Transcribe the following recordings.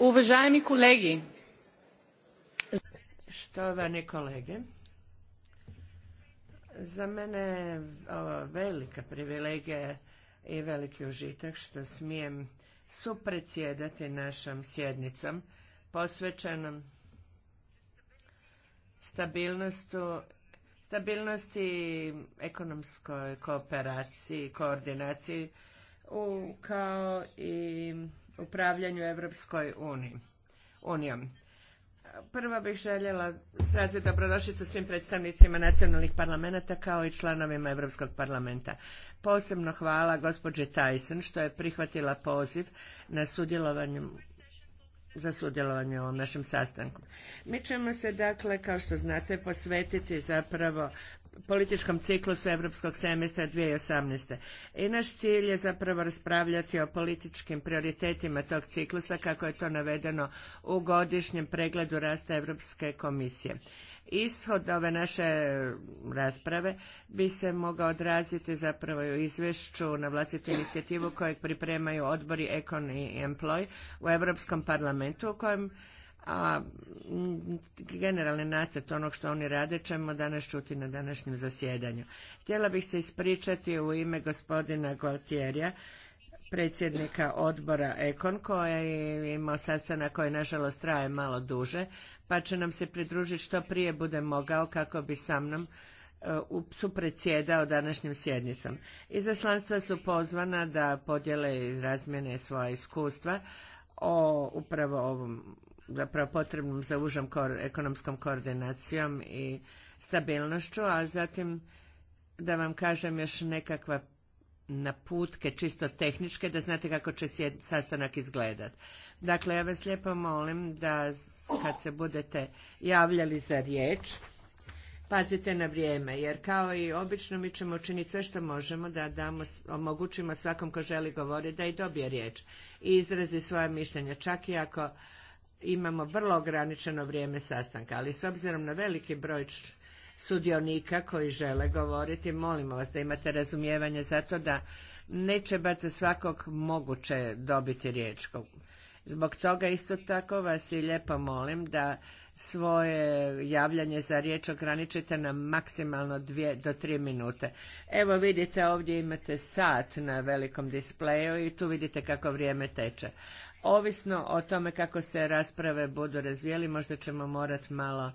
Uvaženi kolegi. štovani kolege, za mene je ovo velika privilegija i veliki užitak što smijem supredsjedati našom sjednicom posvećenom stabilnosti ekonomskoj kooperaciji i koordinaciji kao i upravljanju Evropskoj uniji, unijom. Prvo bih željela izraziti dobrodošlicu svim predstavnicima nacionalnih parlamenta kao i članovima Europskog parlamenta. Posebno hvala gospođi Tyson što je prihvatila poziv na sudjelovanju za sudjelovanje u ovom našem sastanku. Mi ćemo se dakle, kao što znate, posvetiti zapravo političkom ciklusu Evropskog semestra 2018. I naš cilj je zapravo raspravljati o političkim prioritetima tog ciklusa kako je to navedeno u godišnjem pregledu rasta Europske komisije. Ishod ove naše rasprave bi se mogao odraziti zapravo u izvješću na vlastitu inicijativu kojeg pripremaju odbori Econ i Employ u Europskom parlamentu u kojem a generalni nacrt onog što oni rade ćemo danas čuti na današnjem zasjedanju. Htjela bih se ispričati u ime gospodina Gortjerja, predsjednika odbora Ekon, koji je imao sastanak koji nažalost traje malo duže, pa će nam se pridružiti što prije bude mogao kako bi sa mnom e, supredsjedao današnjim sjednicom. Izaslanstva su pozvana da podjele i razmjene svoja iskustva o upravo ovom zapravo potrebnom za užom ekonomskom koordinacijom i stabilnošću, a zatim da vam kažem još nekakva naputke čisto tehničke da znate kako će sastanak izgledat. Dakle, ja vas lijepo molim da kad se budete javljali za riječ, pazite na vrijeme, jer kao i obično mi ćemo učiniti sve što možemo da damo, omogućimo svakom ko želi govoriti da i dobije riječ i izrazi svoje mišljenja, čak i ako imamo vrlo ograničeno vrijeme sastanka, ali s obzirom na veliki broj sudionika koji žele govoriti, molimo vas da imate razumijevanje za to da neće bat za svakog moguće dobiti riječ Zbog toga isto tako vas i lijepo molim da svoje javljanje za riječ ograničite na maksimalno dvije do tri minute. Evo vidite ovdje imate sat na velikom displeju i tu vidite kako vrijeme teče. Ovisno o tome kako se rasprave budu razvijeli možda ćemo morati malo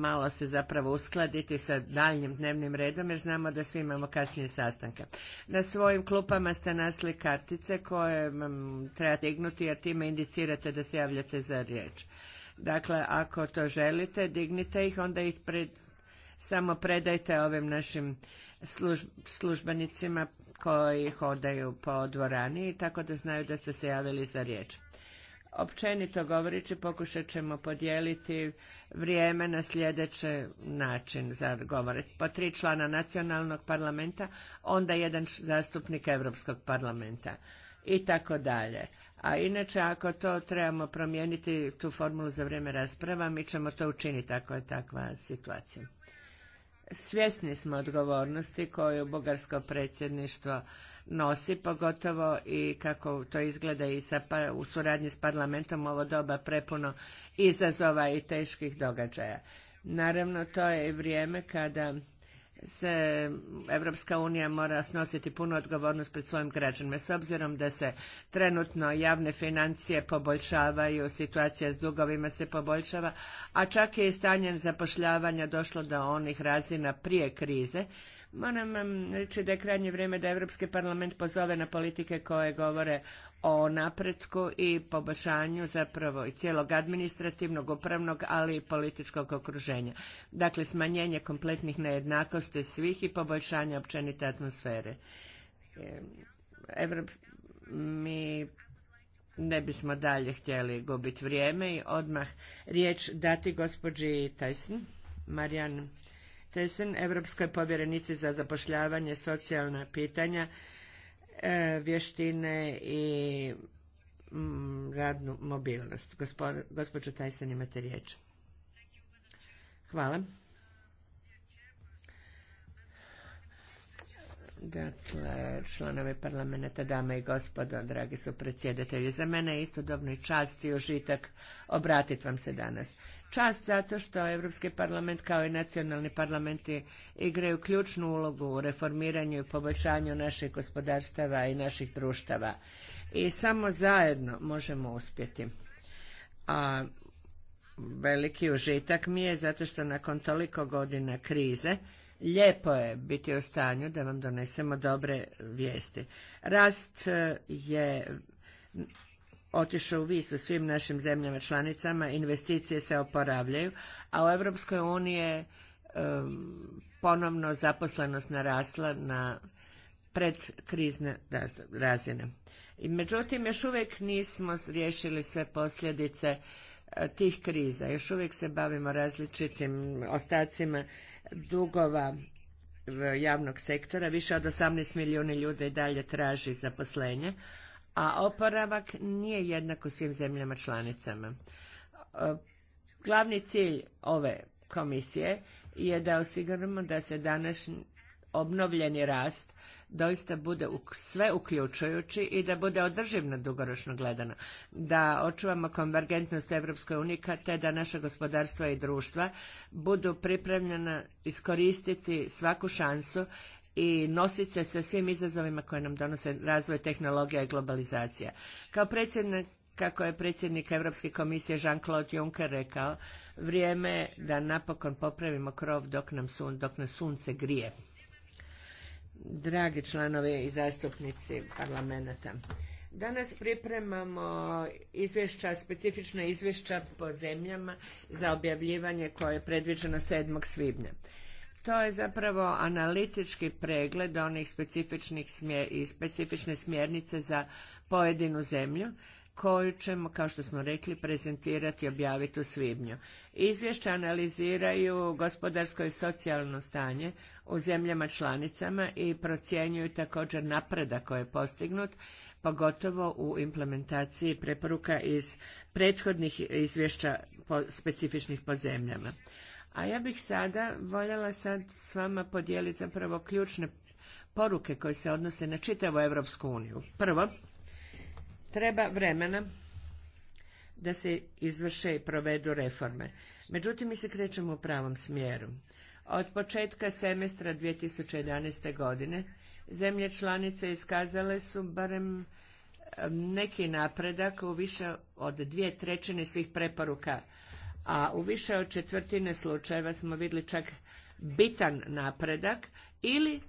malo se zapravo uskladiti sa daljnjim dnevnim redom jer znamo da svi imamo kasnije sastanke. Na svojim klupama ste nasli kartice koje treba dignuti jer time indicirate da se javljate za riječ. Dakle, ako to želite, dignite ih, onda ih pred, samo predajte ovim našim službenicima koji hodaju po dvorani tako da znaju da ste se javili za riječ. Općenito govoreći pokušat ćemo podijeliti vrijeme na sljedeći način za govore. Po tri člana nacionalnog parlamenta, onda jedan zastupnik Europskog parlamenta i tako dalje. A inače, ako to trebamo promijeniti, tu formulu za vrijeme rasprava, mi ćemo to učiniti ako je takva situacija. Svjesni smo odgovornosti koju bugarsko predsjedništvo nosi, pogotovo i kako to izgleda i sa, pa, u suradnji s parlamentom ovo doba prepuno izazova i teških događaja. Naravno, to je i vrijeme kada se Evropska unija mora snositi punu odgovornost pred svojim građanima. S obzirom da se trenutno javne financije poboljšavaju, situacija s dugovima se poboljšava, a čak je i stanje zapošljavanja došlo do onih razina prije krize, Moram vam reći da je krajnje vrijeme da Europski parlament pozove na politike koje govore o napretku i poboljšanju zapravo i cijelog administrativnog, upravnog, ali i političkog okruženja. Dakle, smanjenje kompletnih nejednakosti svih i poboljšanje općenite atmosfere. Mi ne bismo dalje htjeli gubiti vrijeme i odmah riječ dati gospođi Tyson, Marijan Tesen, Evropskoj povjerenici za zapošljavanje, socijalna pitanja, e, vještine i mm, radnu mobilnost. Gospođo Tajsen, imate riječ. Hvala. Dakle, članovi parlamenta, dame i gospodo, dragi su predsjedatelji, za mene je istodobno i čast i užitak obratiti vam se danas. Čast zato što Europski parlament kao i nacionalni parlamenti igraju ključnu ulogu u reformiranju i poboljšanju naših gospodarstava i naših društava. I samo zajedno možemo uspjeti. A veliki užitak mi je zato što nakon toliko godina krize lijepo je biti u stanju da vam donesemo dobre vijesti. Rast e, je otišao u vis u svim našim zemljama članicama, investicije se oporavljaju, a u Europskoj uniji je ponovno zaposlenost narasla na predkrizne razine. međutim, još uvijek nismo riješili sve posljedice e, tih kriza. Još uvijek se bavimo različitim ostacima dugova e, javnog sektora. Više od 18 milijuna ljudi i dalje traži zaposlenje, a oporavak nije jednak u svim zemljama članicama. E, glavni cilj ove komisije je da osiguramo da se današnji obnovljeni rast doista bude sve uključujući i da bude održivno dugoročno gledano, da očuvamo konvergentnost Evropske unika te da naše gospodarstva i društva budu pripremljena iskoristiti svaku šansu i nositi se sa svim izazovima koje nam donose razvoj tehnologija i globalizacija. Kao predsjednik kako je predsjednik Europske komisije Jean-Claude Juncker rekao, vrijeme je da napokon popravimo krov dok nam dok nas sunce grije. Dragi članovi i zastupnici parlamenta, Danas pripremamo izvješća, specifična izvješća po zemljama za objavljivanje koje je predviđeno 7. svibnja. To je zapravo analitički pregled onih specifičnih i specifične smjernice za pojedinu zemlju koju ćemo, kao što smo rekli, prezentirati i objaviti u svibnju. Izvješća analiziraju gospodarsko i socijalno stanje u zemljama članicama i procjenjuju također napredak koji je postignut, pogotovo u implementaciji preporuka iz prethodnih izvješća specifičnih po zemljama. A ja bih sada voljela sad s vama podijeliti zapravo ključne poruke koje se odnose na čitavu Europsku uniju. Prvo, treba vremena da se izvrše i provedu reforme. Međutim, mi se krećemo u pravom smjeru. Od početka semestra 2011. godine zemlje članice iskazale su barem neki napredak u više od dvije trećine svih preporuka a u više od četvrtine slučajeva smo vidjeli čak bitan napredak ili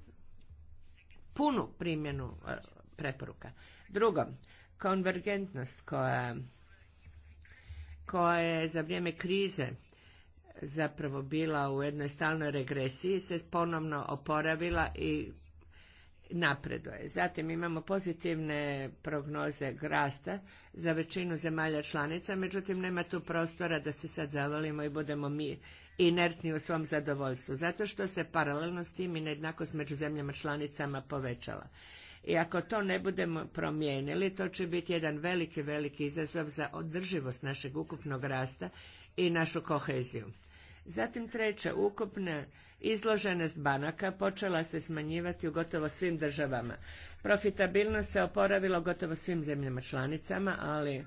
punu primjenu e, preporuka. Drugo, konvergentnost koja, koja je za vrijeme krize zapravo bila u jednoj stalnoj regresiji se ponovno oporavila i napreduje. Zatim imamo pozitivne prognoze rasta za većinu zemalja članica, međutim nema tu prostora da se sad zavalimo i budemo mi inertni u svom zadovoljstvu, zato što se paralelno s tim i nejednakost među zemljama članicama povećala. I ako to ne budemo promijenili, to će biti jedan veliki, veliki izazov za održivost našeg ukupnog rasta i našu koheziju. Zatim treće, ukupna izloženost banaka počela se smanjivati u gotovo svim državama. Profitabilnost se oporavila u gotovo svim zemljama članicama, ali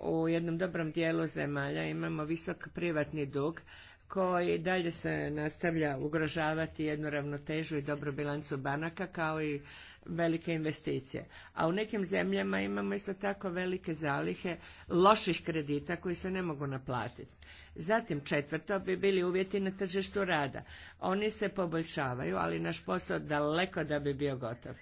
u jednom dobrom dijelu zemalja imamo visok privatni dug koji dalje se nastavlja ugrožavati jednu ravnotežu i dobru bilancu banaka kao i velike investicije. A u nekim zemljama imamo isto tako velike zalihe loših kredita koji se ne mogu naplatiti. Zatim četvrto bi bili uvjeti na tržištu rada. Oni se poboljšavaju, ali naš posao daleko da bi bio gotov.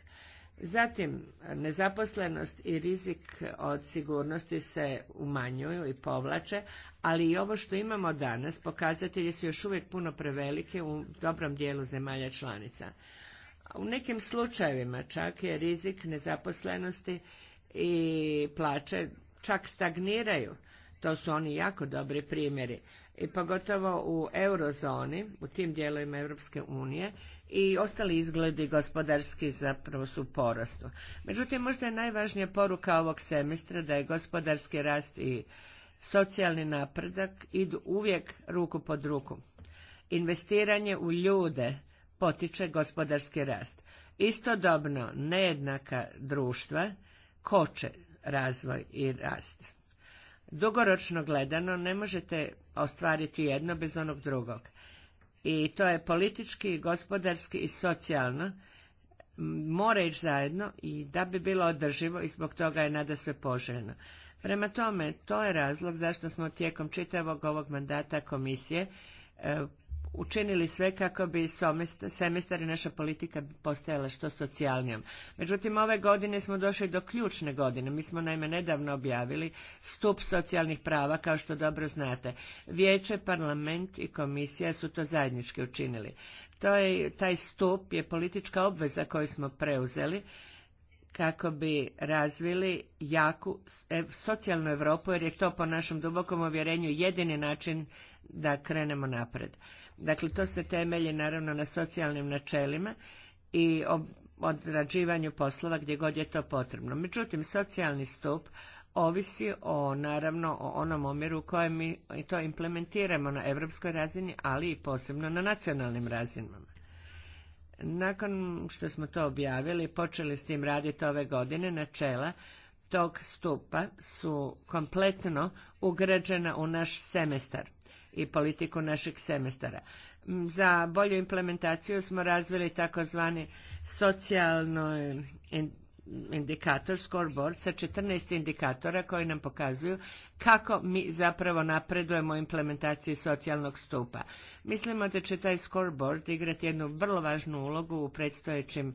Zatim, nezaposlenost i rizik od sigurnosti se umanjuju i povlače, ali i ovo što imamo danas, pokazatelji su još uvijek puno prevelike u dobrom dijelu zemalja članica. U nekim slučajevima čak je rizik nezaposlenosti i plaće čak stagniraju, to su oni jako dobri primjeri. I pogotovo u eurozoni, u tim dijelovima Europske unije i ostali izgledi gospodarski zapravo su porastu. Međutim, možda je najvažnija poruka ovog semestra da je gospodarski rast i socijalni napredak idu uvijek ruku pod ruku. Investiranje u ljude potiče gospodarski rast. Istodobno, nejednaka društva koče razvoj i rast dugoročno gledano ne možete ostvariti jedno bez onog drugog. I to je politički, gospodarski i socijalno mora ići zajedno i da bi bilo održivo i zbog toga je nada sve poželjno. Prema tome, to je razlog zašto smo tijekom čitavog ovog mandata komisije e, učinili sve kako bi semestar i naša politika postajala što socijalnijom. Međutim, ove godine smo došli do ključne godine. Mi smo naime nedavno objavili stup socijalnih prava, kao što dobro znate. Vijeće, parlament i komisija su to zajednički učinili. To je, taj stup je politička obveza koju smo preuzeli kako bi razvili jaku e, socijalnu Europu jer je to po našem dubokom uvjerenju jedini način da krenemo napred. Dakle, to se temelji naravno na socijalnim načelima i odrađivanju poslova gdje god je to potrebno. Međutim, socijalni stup ovisi o naravno o onom omjeru u kojem mi to implementiramo na europskoj razini, ali i posebno na nacionalnim razinama. Nakon što smo to objavili, počeli s tim raditi ove godine, načela tog stupa su kompletno ugrađena u naš semestar i politiku našeg semestara. Mm, za bolju implementaciju smo razvili takozvani socijalno eh, indikator, scoreboard sa 14 indikatora koji nam pokazuju kako mi zapravo napredujemo implementaciju implementaciji socijalnog stupa. Mislimo da će taj scoreboard igrati jednu vrlo važnu ulogu u predstojećim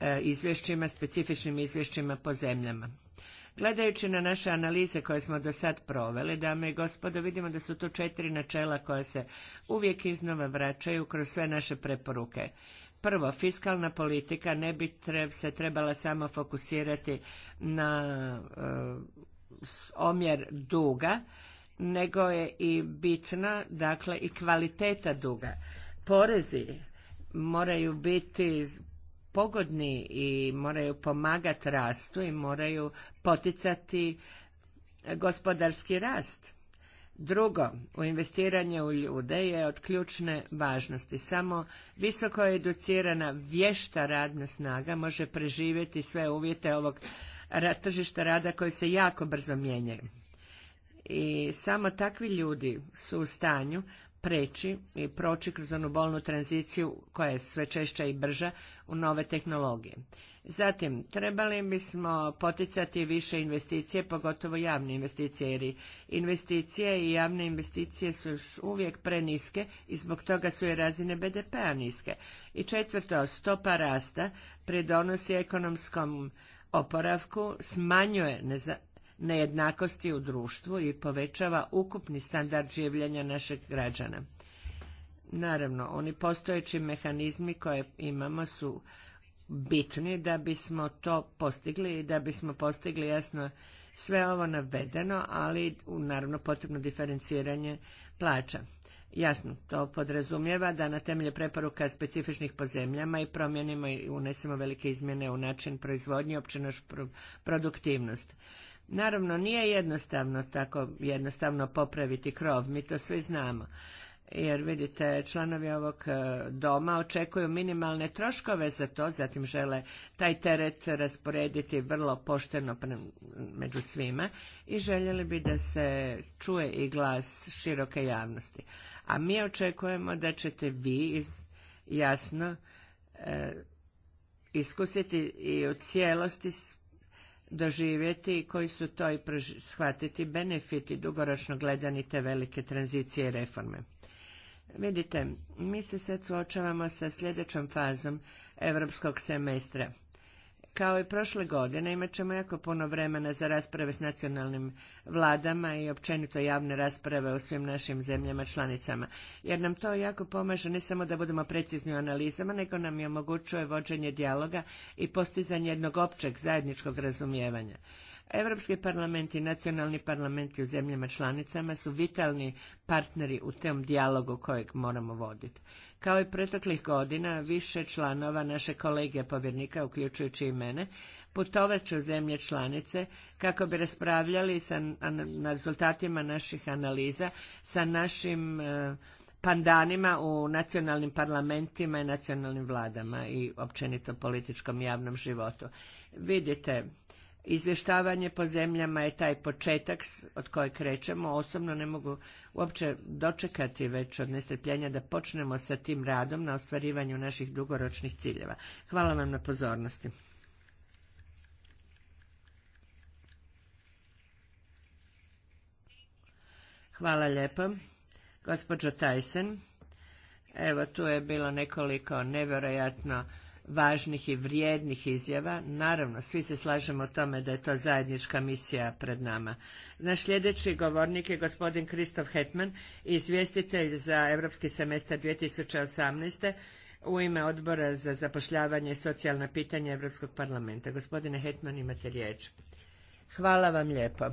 eh, izvješćima, specifičnim izvješćima po zemljama. Gledajući na naše analize koje smo do sad proveli, dame i gospodo, vidimo da su to četiri načela koja se uvijek iznova vraćaju kroz sve naše preporuke. Prvo, fiskalna politika ne bi se trebala samo fokusirati na e, omjer duga, nego je i bitna, dakle, i kvaliteta duga. Porezi moraju biti pogodni i moraju pomagati rastu i moraju poticati gospodarski rast. Drugo, u investiranje u ljude je od ključne važnosti. Samo visoko educirana vješta radna snaga može preživjeti sve uvjete ovog tržišta rada koji se jako brzo mijenjaju. I samo takvi ljudi su u stanju preći i proći kroz onu bolnu tranziciju koja je sve češća i brža u nove tehnologije. Zatim, trebali bismo poticati više investicije, pogotovo javne investicije, jer investicije i javne investicije su još uvijek preniske i zbog toga su i razine BDP-a niske. I četvrto, stopa rasta pridonosi ekonomskom oporavku, smanjuje nejednakosti u društvu i povećava ukupni standard življenja našeg građana. Naravno, oni postojeći mehanizmi koje imamo su bitni da bismo to postigli i da bismo postigli jasno sve ovo navedeno, ali naravno potrebno diferenciranje plaća. Jasno, to podrazumijeva da na temelju preporuka specifičnih po zemljama i promjenimo i unesemo velike izmjene u način proizvodnje i produktivnost. Naravno, nije jednostavno tako jednostavno popraviti krov, mi to svi znamo. Jer vidite, članovi ovog e, doma očekuju minimalne troškove za to, zatim žele taj teret rasporediti vrlo pošteno među svima i željeli bi da se čuje i glas široke javnosti. A mi očekujemo da ćete vi jasno e, iskusiti i u cijelosti doživjeti i koji su to i shvatiti benefiti dugoročno gledani te velike tranzicije i reforme. Vidite, mi se sad suočavamo sa sljedećom fazom europskog semestra – kao i prošle godine imat ćemo jako puno vremena za rasprave s nacionalnim vladama i općenito javne rasprave u svim našim zemljama članicama, jer nam to jako pomaže ne samo da budemo precizni u analizama, nego nam je omogućuje vođenje dijaloga i postizanje jednog općeg zajedničkog razumijevanja. Europski parlament i nacionalni parlamenti u zemljama članicama su vitalni partneri u tom dijalogu kojeg moramo voditi. Kao i pretaklih godina, više članova naše kolege povjernika, uključujući i mene, putovat ću zemlje članice kako bi raspravljali sa, na rezultatima naših analiza sa našim e, pandanima u nacionalnim parlamentima i nacionalnim vladama i općenito političkom javnom životu. Vidite, Izvještavanje po zemljama je taj početak od kojeg krećemo. Osobno ne mogu uopće dočekati već od nestrpljenja da počnemo sa tim radom na ostvarivanju naših dugoročnih ciljeva. Hvala vam na pozornosti. Hvala lijepo. Gospođo Tajsen, evo tu je bilo nekoliko nevjerojatno važnih i vrijednih izjava. Naravno, svi se slažemo o tome da je to zajednička misija pred nama. Naš sljedeći govornik je gospodin Kristof Hetman, izvjestitelj za Europski semestar 2018. u ime odbora za zapošljavanje i socijalna pitanja Europskog parlamenta. Gospodine Hetman, imate riječ. Hvala vam lijepo.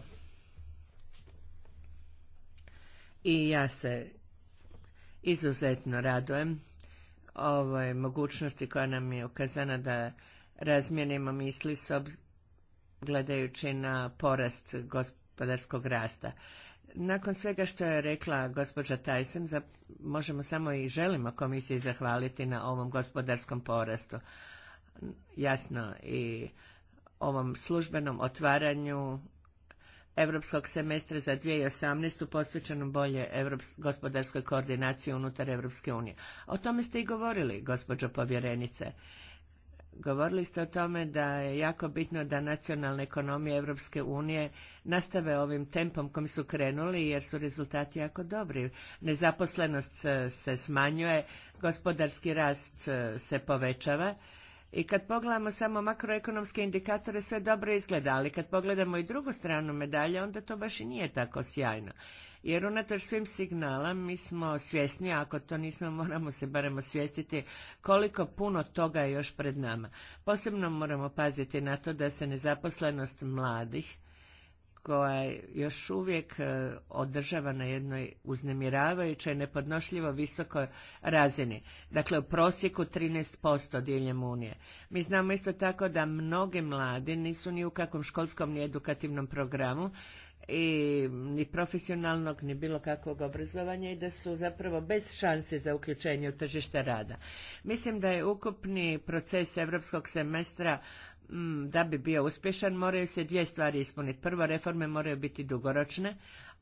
I ja se izuzetno radujem ovoj mogućnosti koja nam je ukazana da razmijenimo misli s gledajući na porast gospodarskog rasta. Nakon svega što je rekla gospođa Tyson, za, možemo samo i želimo komisiji zahvaliti na ovom gospodarskom porastu. Jasno, i ovom službenom otvaranju europskog semestra za 2018. posvećenom bolje gospodarskoj koordinaciji unutar Europske unije. O tome ste i govorili, gospođo povjerenice. Govorili ste o tome da je jako bitno da nacionalne ekonomije Europske unije nastave ovim tempom kojim su krenuli jer su rezultati jako dobri. Nezaposlenost e, se smanjuje, gospodarski rast e, se povećava i kad pogledamo samo makroekonomske indikatore, sve dobro izgleda, ali kad pogledamo i drugu stranu medalje, onda to baš i nije tako sjajno. Jer unatoč svim signala mi smo svjesni, a ako to nismo moramo se barem osvijestiti koliko puno toga je još pred nama. Posebno moramo paziti na to da se nezaposlenost mladih koja je još uvijek e, održava na jednoj uznemiravajućoj, nepodnošljivo visokoj razini. Dakle, u prosjeku 13% diljem Unije. Mi znamo isto tako da mnogi mladi nisu ni u kakvom školskom ni edukativnom programu i ni profesionalnog ni bilo kakvog obrazovanja i da su zapravo bez šanse za uključenje u tržište rada. Mislim da je ukupni proces europskog semestra da bi bio uspješan moraju se dvije stvari ispuniti. Prvo, reforme moraju biti dugoročne,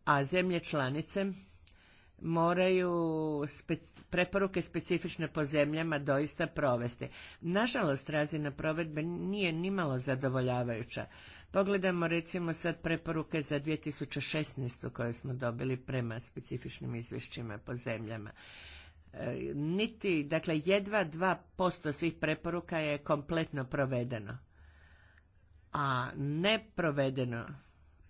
a zemlje članice moraju preporuke specifične po zemljama doista provesti. Nažalost, razina provedbe nije nimalo zadovoljavajuća. Pogledamo recimo sad preporuke za 2016. koje smo dobili prema specifičnim izvješćima po zemljama. E, niti, dakle, jedva 2% svih preporuka je kompletno provedeno a neprovedeno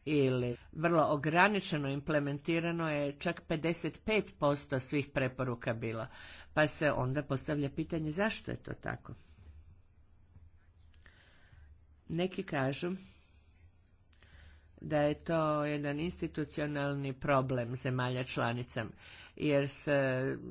ili vrlo ograničeno implementirano je čak 55% svih preporuka bilo. Pa se onda postavlja pitanje zašto je to tako. Neki kažu da je to jedan institucionalni problem zemalja članica jer se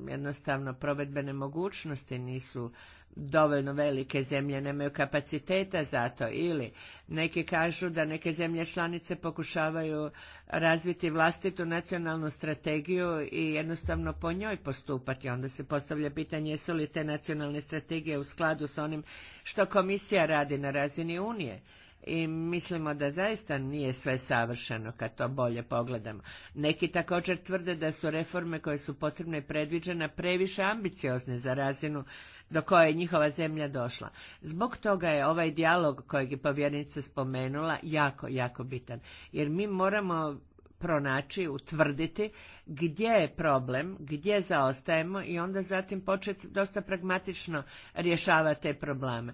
jednostavno provedbene mogućnosti nisu dovoljno velike zemlje nemaju kapaciteta za to ili neki kažu da neke zemlje članice pokušavaju razviti vlastitu nacionalnu strategiju i jednostavno po njoj postupati. Onda se postavlja pitanje jesu li te nacionalne strategije u skladu s onim što komisija radi na razini Unije i mislimo da zaista nije sve savršeno kad to bolje pogledamo. Neki također tvrde da su reforme koje su potrebne i predviđene previše ambiciozne za razinu do koje je njihova zemlja došla. Zbog toga je ovaj dijalog kojeg je povjerenica spomenula jako, jako bitan. Jer mi moramo pronaći, utvrditi gdje je problem, gdje zaostajemo i onda zatim početi dosta pragmatično rješavati te probleme.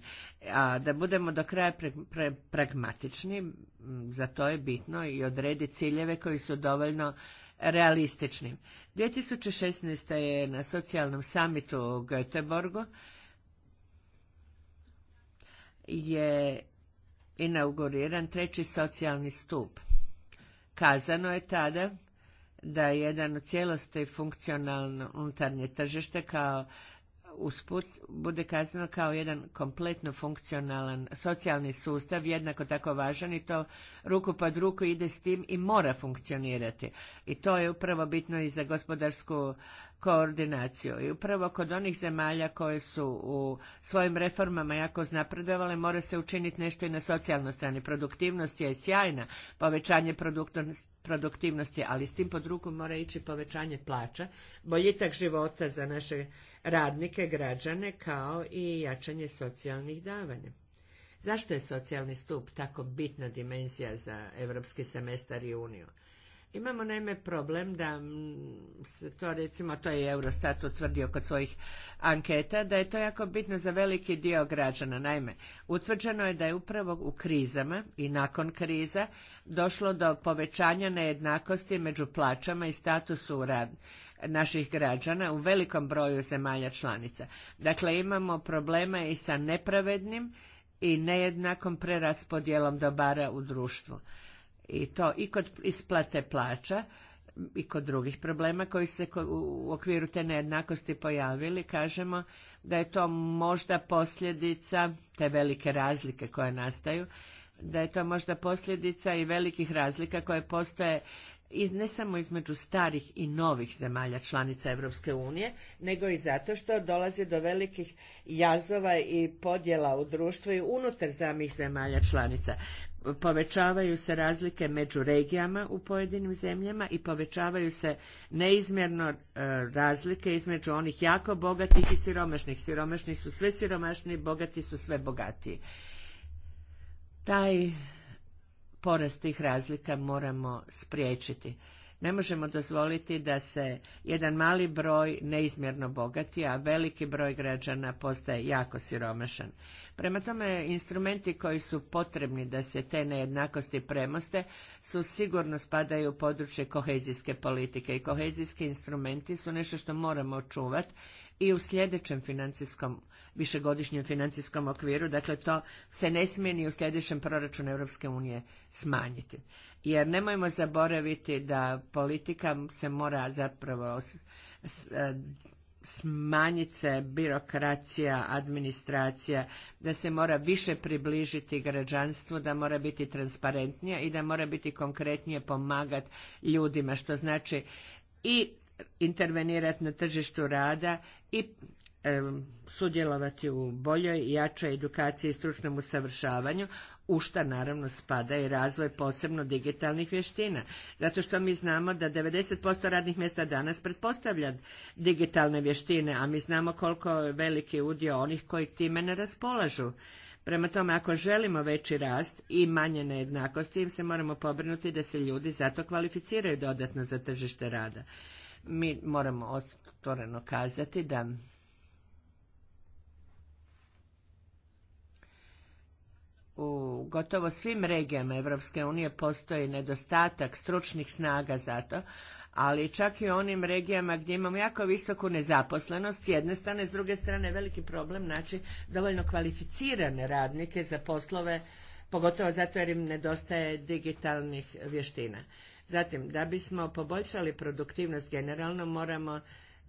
A da budemo do kraja pragmatični, za to je bitno i odrediti ciljeve koji su dovoljno realistični. 2016. je na socijalnom samitu u Göteborgu je inauguriran treći socijalni stup – Kazano je tada da je jedan u cijelosti funkcionalno unutarnje tržište kao usput bude kazano kao jedan kompletno funkcionalan socijalni sustav, jednako tako važan i to ruku pod ruku ide s tim i mora funkcionirati. I to je upravo bitno i za gospodarsku koordinaciju. I upravo kod onih zemalja koje su u svojim reformama jako znapredovale, mora se učiniti nešto i na socijalnoj strani. Produktivnost je sjajna, povećanje produktivnosti, ali s tim pod ruku mora ići povećanje plaća, boljitak života za naše radnike, građane, kao i jačanje socijalnih davanja. Zašto je socijalni stup tako bitna dimenzija za europski semestar i uniju? Imamo naime problem da se to recimo, to je Eurostat utvrdio kod svojih anketa, da je to jako bitno za veliki dio građana. Naime, utvrđeno je da je upravo u krizama i nakon kriza došlo do povećanja nejednakosti među plaćama i statusu rad, naših građana u velikom broju zemalja članica. Dakle, imamo problema i sa nepravednim i nejednakom preraspodjelom dobara u društvu. I to i kod isplate plaća i kod drugih problema koji se u okviru te nejednakosti pojavili, kažemo da je to možda posljedica, te velike razlike koje nastaju, da je to možda posljedica i velikih razlika koje postoje i ne samo između starih i novih zemalja članica Europske unije, nego i zato što dolazi do velikih jazova i podjela u društvu i unutar samih zemalja članica. Povećavaju se razlike među regijama u pojedinim zemljama i povećavaju se neizmjerno e, razlike između onih jako bogatih i siromašnih. Siromašni su sve siromašniji, bogati su sve bogatiji. Taj porast tih razlika moramo spriječiti. Ne možemo dozvoliti da se jedan mali broj neizmjerno bogati, a veliki broj građana postaje jako siromašan. Prema tome, instrumenti koji su potrebni da se te nejednakosti premoste su sigurno spadaju u područje kohezijske politike i kohezijski instrumenti su nešto što moramo očuvati i u sljedećem financijskom, višegodišnjem financijskom okviru, dakle to se ne smije ni u sljedećem proračunu Europske unije smanjiti. Jer nemojmo zaboraviti da politika se mora zapravo e, smanjiti se birokracija, administracija, da se mora više približiti građanstvu, da mora biti transparentnija i da mora biti konkretnije pomagati ljudima, što znači i intervenirati na tržištu rada i sudjelovati u boljoj i jačoj edukaciji i stručnom usavršavanju, u šta naravno spada i razvoj posebno digitalnih vještina. Zato što mi znamo da 90% radnih mjesta danas pretpostavlja digitalne vještine, a mi znamo koliko je veliki udio onih koji time ne raspolažu. Prema tome, ako želimo veći rast i manje nejednakosti, im se moramo pobrinuti da se ljudi zato kvalificiraju dodatno za tržište rada. Mi moramo otvoreno kazati da u gotovo svim regijama Evropske unije postoji nedostatak stručnih snaga za to, ali čak i u onim regijama gdje imamo jako visoku nezaposlenost, s jedne strane, s druge strane veliki problem znači dovoljno kvalificirane radnike za poslove pogotovo zato jer im nedostaje digitalnih vještina. Zatim, da bismo poboljšali produktivnost generalno, moramo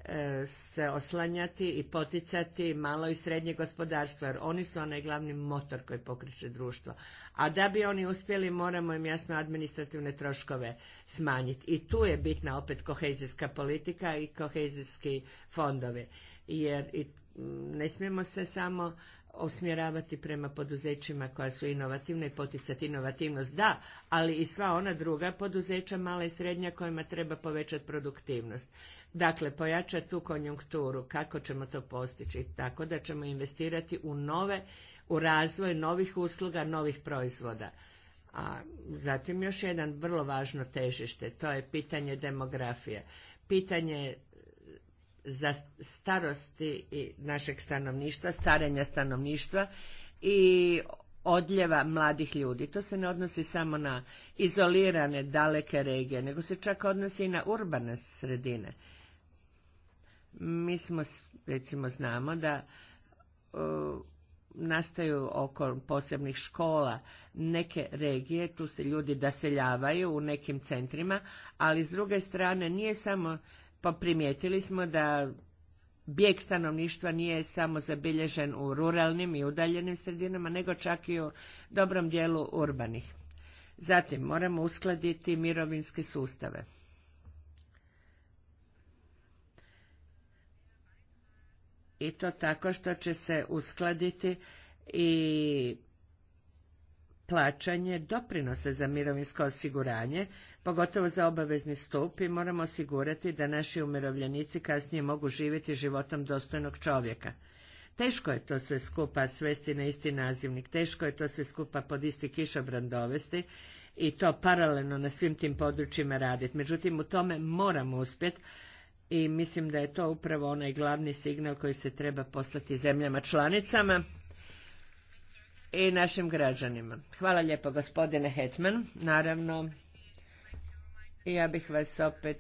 e, se oslanjati i poticati malo i srednje gospodarstvo, jer oni su onaj glavni motor koji pokriče društvo. A da bi oni uspjeli, moramo im jasno administrativne troškove smanjiti. I tu je bitna opet kohezijska politika i kohezijski fondovi. Jer ne smijemo se samo Osmjeravati prema poduzećima koja su inovativna i poticati inovativnost, da, ali i sva ona druga poduzeća, mala i srednja, kojima treba povećati produktivnost. Dakle, pojačati tu konjunkturu, kako ćemo to postići, tako da ćemo investirati u nove, u razvoj novih usluga, novih proizvoda. A zatim još jedan vrlo važno težište, to je pitanje demografije. Pitanje za starosti našeg stanovništva, starenja stanovništva i odljeva mladih ljudi. To se ne odnosi samo na izolirane, daleke regije, nego se čak odnosi i na urbane sredine. Mi smo, recimo, znamo da e, nastaju oko posebnih škola neke regije, tu se ljudi daseljavaju u nekim centrima, ali s druge strane nije samo pa primijetili smo da bijeg stanovništva nije samo zabilježen u ruralnim i udaljenim sredinama, nego čak i u dobrom dijelu urbanih. Zatim, moramo uskladiti mirovinske sustave. I to tako što će se uskladiti i plaćanje doprinosa za mirovinsko osiguranje pogotovo za obavezni stup i moramo osigurati da naši umirovljenici kasnije mogu živjeti životom dostojnog čovjeka. Teško je to sve skupa svesti na isti nazivnik, teško je to sve skupa pod isti kišobran dovesti i to paralelno na svim tim područjima raditi. Međutim, u tome moramo uspjeti i mislim da je to upravo onaj glavni signal koji se treba poslati zemljama članicama i našim građanima. Hvala lijepo gospodine Hetman. Naravno, ja bih vas opet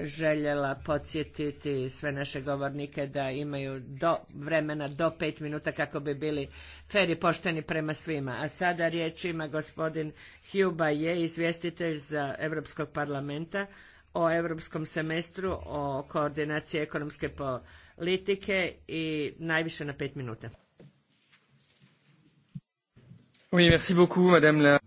željela podsjetiti sve naše govornike da imaju do vremena do pet minuta kako bi bili feri pošteni prema svima. A sada riječ ima gospodin Hjuba je izvjestitelj za Europskog parlamenta o europskom semestru, o koordinaciji ekonomske politike i najviše na pet minuta. Oui, merci beaucoup, madame la...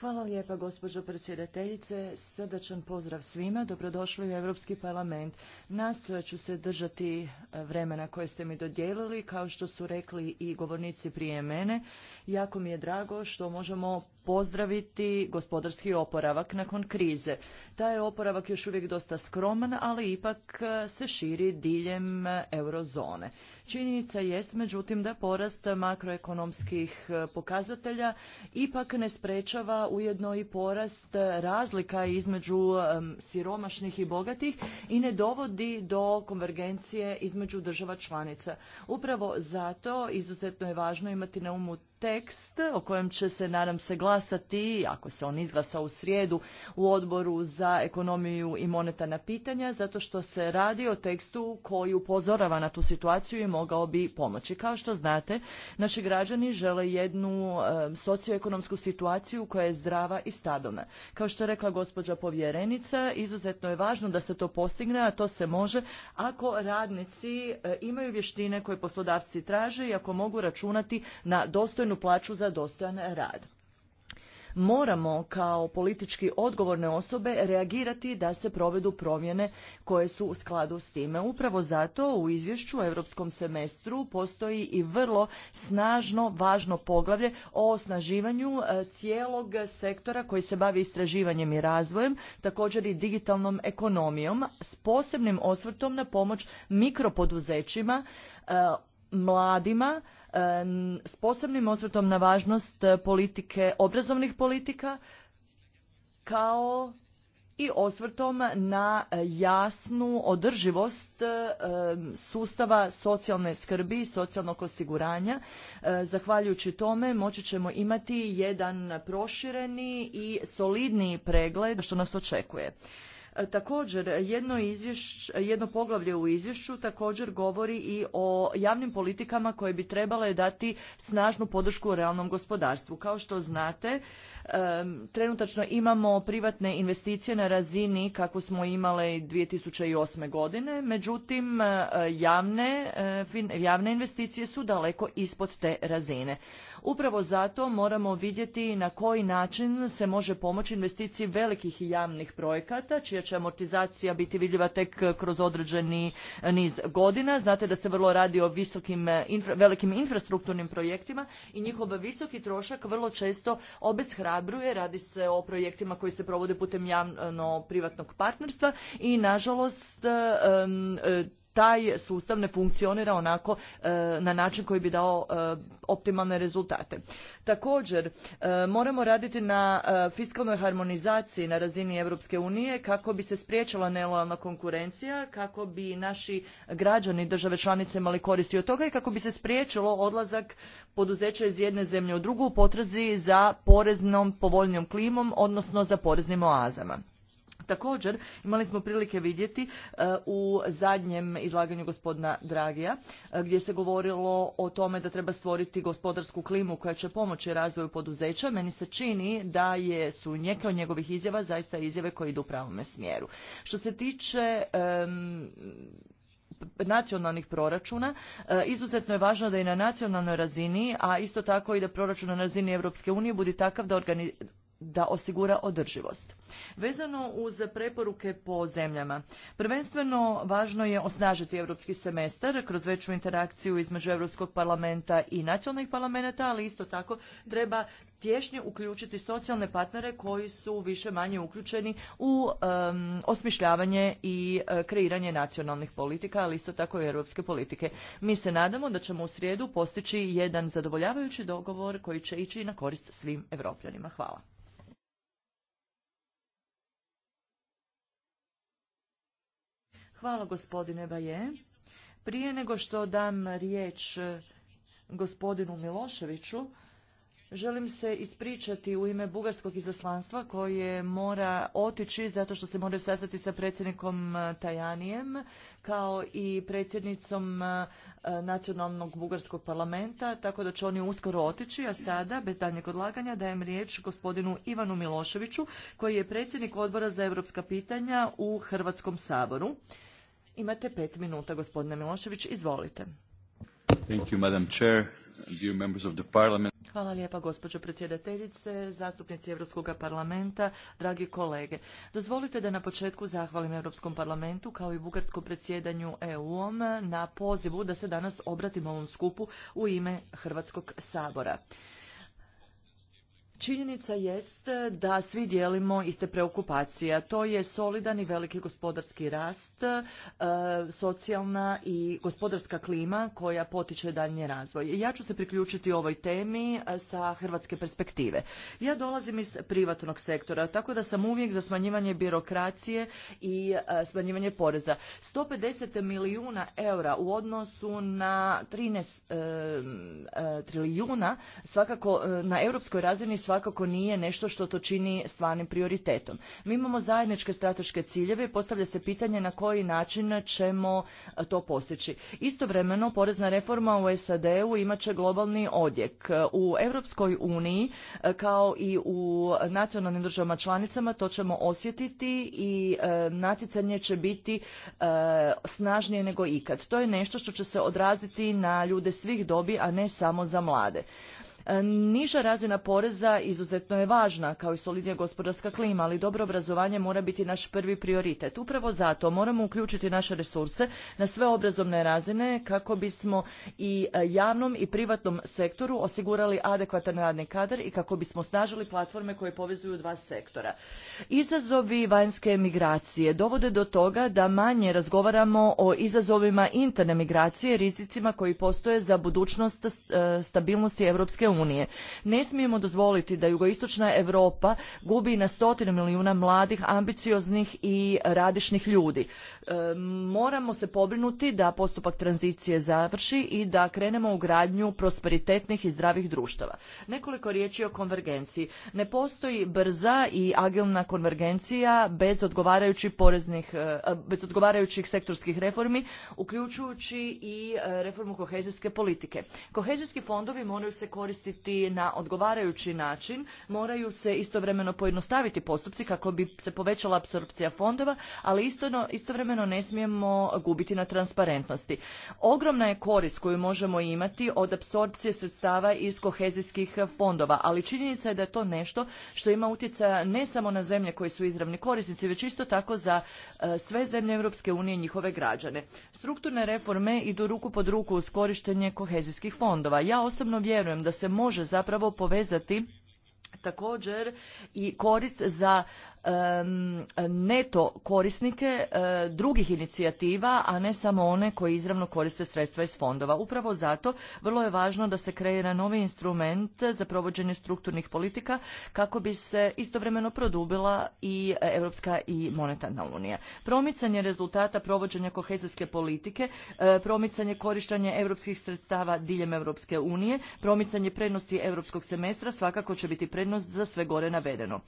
Hvala lijepa gospođo predsjedateljice, srdačan pozdrav svima, dobrodošli u Europski parlament. Nastojat ću se držati e, vremena koje ste mi dodijelili, kao što su rekli i govornici prije mene. Jako mi je drago što možemo pozdraviti gospodarski oporavak nakon krize. Taj je oporavak još uvijek dosta skroman, ali ipak e, se širi diljem e, eurozone. Činjenica jest, međutim, da porast makroekonomskih e, pokazatelja ipak ne sprečava ujedno i porast razlika između siromašnih i bogatih i ne dovodi do konvergencije između država članica. Upravo zato izuzetno je važno imati na umu tekst o kojem će se, nadam se, glasati, ako se on izglasa u srijedu, u odboru za ekonomiju i monetarna pitanja, zato što se radi o tekstu koji upozorava na tu situaciju i mogao bi pomoći. Kao što znate, naši građani žele jednu socioekonomsku situaciju koja je zdrava i stabilna. Kao što je rekla gospođa povjerenica, izuzetno je važno da se to postigne, a to se može ako radnici e, imaju vještine koje poslodavci traže i ako mogu računati na dostojno dostojnu plaću za dostojan rad. Moramo kao politički odgovorne osobe reagirati da se provedu promjene koje su u skladu s time. Upravo zato u izvješću u europskom semestru postoji i vrlo snažno važno poglavlje o osnaživanju e, cijelog sektora koji se bavi istraživanjem i razvojem, također i digitalnom ekonomijom s posebnim osvrtom na pomoć mikropoduzećima, e, mladima, s posebnim osvrtom na važnost e, politike, obrazovnih politika kao i osvrtom na e, jasnu održivost e, sustava socijalne skrbi i socijalnog osiguranja. Zahvaljujući tome moći ćemo imati jedan prošireni i solidniji pregled što nas očekuje. Također, jedno, izvješće, jedno poglavlje u izvješću također govori i o javnim politikama koje bi trebale dati snažnu podršku realnom gospodarstvu. Kao što znate, Trenutačno imamo privatne investicije na razini kako smo imale 2008. godine, međutim e, javne, e, javne investicije su daleko ispod te razine. Upravo zato moramo vidjeti na koji način se može pomoći investiciji velikih i javnih projekata, čija će amortizacija biti vidljiva tek kroz određeni e, niz godina. Znate da se vrlo radi o visokim, velikim infrastrukturnim projektima i njihov visoki trošak vrlo često obeshrabi ohrabruje, radi se o projektima koji se provode putem javno-privatnog partnerstva i nažalost taj sustav ne funkcionira onako e, na način koji bi dao e, optimalne rezultate. Također, e, moramo raditi na fiskalnoj harmonizaciji na razini Europske unije kako bi se spriječila nelojalna konkurencija, kako bi naši građani države članice imali koristi od toga i kako bi se spriječilo odlazak poduzeća iz jedne zemlje u drugu u potrazi za poreznom povoljnijom klimom, odnosno za poreznim oazama. Također, imali smo prilike vidjeti e, u zadnjem izlaganju gospodina Dragija, e, gdje se govorilo o tome da treba stvoriti gospodarsku klimu koja će pomoći razvoju poduzeća. Meni se čini da je, su neke od njegovih izjava zaista izjave koje idu u pravome smjeru. Što se tiče nacionalnih proračuna. E, izuzetno je važno da i na nacionalnoj razini, a isto tako i da proračun na razini Europske unije bude takav da da osigura održivost. Vezano uz preporuke po zemljama, prvenstveno važno je osnažiti europski semestar kroz veću interakciju između Europskog parlamenta i nacionalnih parlamenta, ali isto tako treba tješnje uključiti socijalne partnere koji su više manje uključeni u osmišljavanje i e, kreiranje nacionalnih politika, ali isto tako i europske politike. Mi se nadamo da ćemo u srijedu postići jedan zadovoljavajući dogovor koji će ići na korist svim evropljanima. Hvala. Hvala gospodine Baje. Prije nego što dam riječ e, gospodinu Miloševiću, Želim se ispričati u ime bugarskog izaslanstva koje mora otići zato što se moraju sastati sa predsjednikom e, Tajanijem kao i predsjednicom e, nacionalnog bugarskog parlamenta, tako da će oni uskoro otići, a sada, bez daljnjeg odlaganja, dajem riječ gospodinu Ivanu Miloševiću koji je predsjednik odbora za europska pitanja u Hrvatskom saboru. Imate pet minuta, gospodine Milošević, izvolite. Hvala lijepa gospođo predsjedateljice, zastupnici Europskog parlamenta, dragi kolege. Dozvolite da na početku zahvalim Europskom parlamentu kao i bugarskom predsjedanju EU-om na pozivu da se danas obratimo ovom skupu u ime Hrvatskog sabora. Činjenica jest da svi dijelimo iste preokupacije. To je solidan i veliki gospodarski rast, e, socijalna i gospodarska klima koja potiče daljnji razvoj. Ja ću se priključiti ovoj temi e, sa hrvatske perspektive. Ja dolazim iz privatnog sektora, tako da sam uvijek za smanjivanje birokracije i e, smanjivanje poreza. 150 milijuna eura u odnosu na 13 trilijuna svakako na europskoj razini svakako nije nešto što to čini stvarnim prioritetom. Mi imamo zajedničke strateške ciljeve i postavlja se pitanje na koji način ćemo e, to postići. Istovremeno, porezna reforma u SAD-u imat će globalni odjek. U Europskoj uniji, e, kao i u nacionalnim državama članicama, to ćemo osjetiti i e, natjecanje će biti snažnije nego ikad. To je nešto što će se odraziti na ljude svih dobi, a ne samo za mlade. E, niža razina poreza izuzetno je važna, kao i solidnija gospodarska klima, ali dobro obrazovanje mora biti naš prvi prioritet. Upravo zato moramo uključiti naše resurse na sve obrazovne razine kako bismo i e, javnom i privatnom sektoru osigurali adekvatan radni kadar i kako bismo snažili platforme koje povezuju dva sektora. Izazovi vanjske migracije dovode do toga da manje razgovaramo o izazovima interne migracije, rizicima koji postoje za budućnost e, stabilnosti EU unije. Ne smijemo dozvoliti da jugoistočna Europa gubi na stotine milijuna mladih, ambicioznih i radišnih ljudi. E, moramo se pobrinuti da postupak tranzicije završi i da krenemo u gradnju prosperitetnih i zdravih društava. Nekoliko riječi o konvergenciji. Ne postoji brza i agilna konvergencija bez odgovarajućih poreznih, e, bez odgovarajućih sektorskih reformi, uključujući i e, reformu kohezijske politike. Kohezijski fondovi moraju se koristiti koristiti na odgovarajući način, moraju se istovremeno pojednostaviti postupci kako bi se povećala apsorpcija fondova, ali istovremeno ne smijemo gubiti na transparentnosti. Ogromna je korist koju možemo imati od apsorpcije sredstava iz kohezijskih fondova, ali činjenica je da je to nešto što ima utjecaja ne samo na zemlje koje su izravni korisnici, već isto tako za e, sve zemlje Europske unije i njihove građane. Strukturne reforme idu ruku pod ruku uz korištenje kohezijskih fondova. Ja osobno vjerujem da se može zapravo povezati također i korist za neto korisnike eh, drugih inicijativa, a ne samo one koji izravno koriste sredstva iz fondova. Upravo zato vrlo je važno da se kreira novi instrument za provođenje strukturnih politika kako bi se istovremeno produbila i Europska i monetarna unija. Promicanje rezultata provođenja kohezijske politike, eh, promicanje korištenja europskih sredstava diljem Europske unije, promicanje prednosti europskog semestra svakako će biti prednost za sve gore navedeno.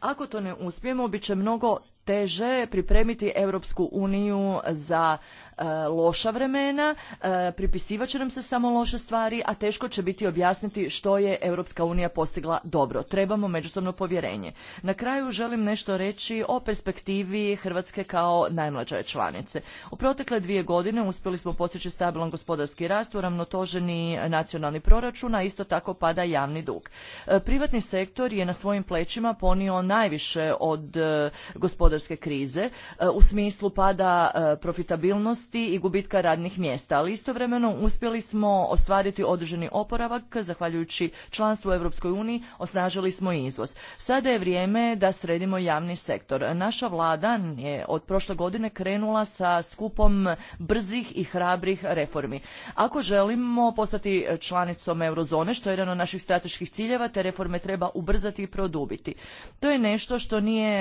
Ako to ne uspije, uspijemo, bit će mnogo teže pripremiti Europsku uniju za e, loša vremena, e, pripisivat će nam se samo loše stvari, a teško će biti objasniti što je Europska unija postigla dobro. Trebamo međusobno povjerenje. Na kraju želim nešto reći o perspektivi Hrvatske kao najmlađe članice. U protekle dvije godine uspjeli smo postići stabilan gospodarski rast, uravnotoženi nacionalni proračun, a isto tako pada javni dug. E, privatni sektor je na svojim plećima ponio najviše od e, gospodarskih gospodarske krize e, u smislu pada e, profitabilnosti i gubitka radnih mjesta, ali istovremeno uspjeli smo ostvariti određeni oporavak zahvaljujući članstvu u Europskoj uniji, osnažili smo izvoz. Sada je vrijeme da sredimo javni sektor. Naša vlada je od prošle godine krenula sa skupom brzih i hrabrih reformi. Ako želimo postati članicom eurozone, što je jedan od naših strateških ciljeva, te reforme treba ubrzati i produbiti. To je nešto što nije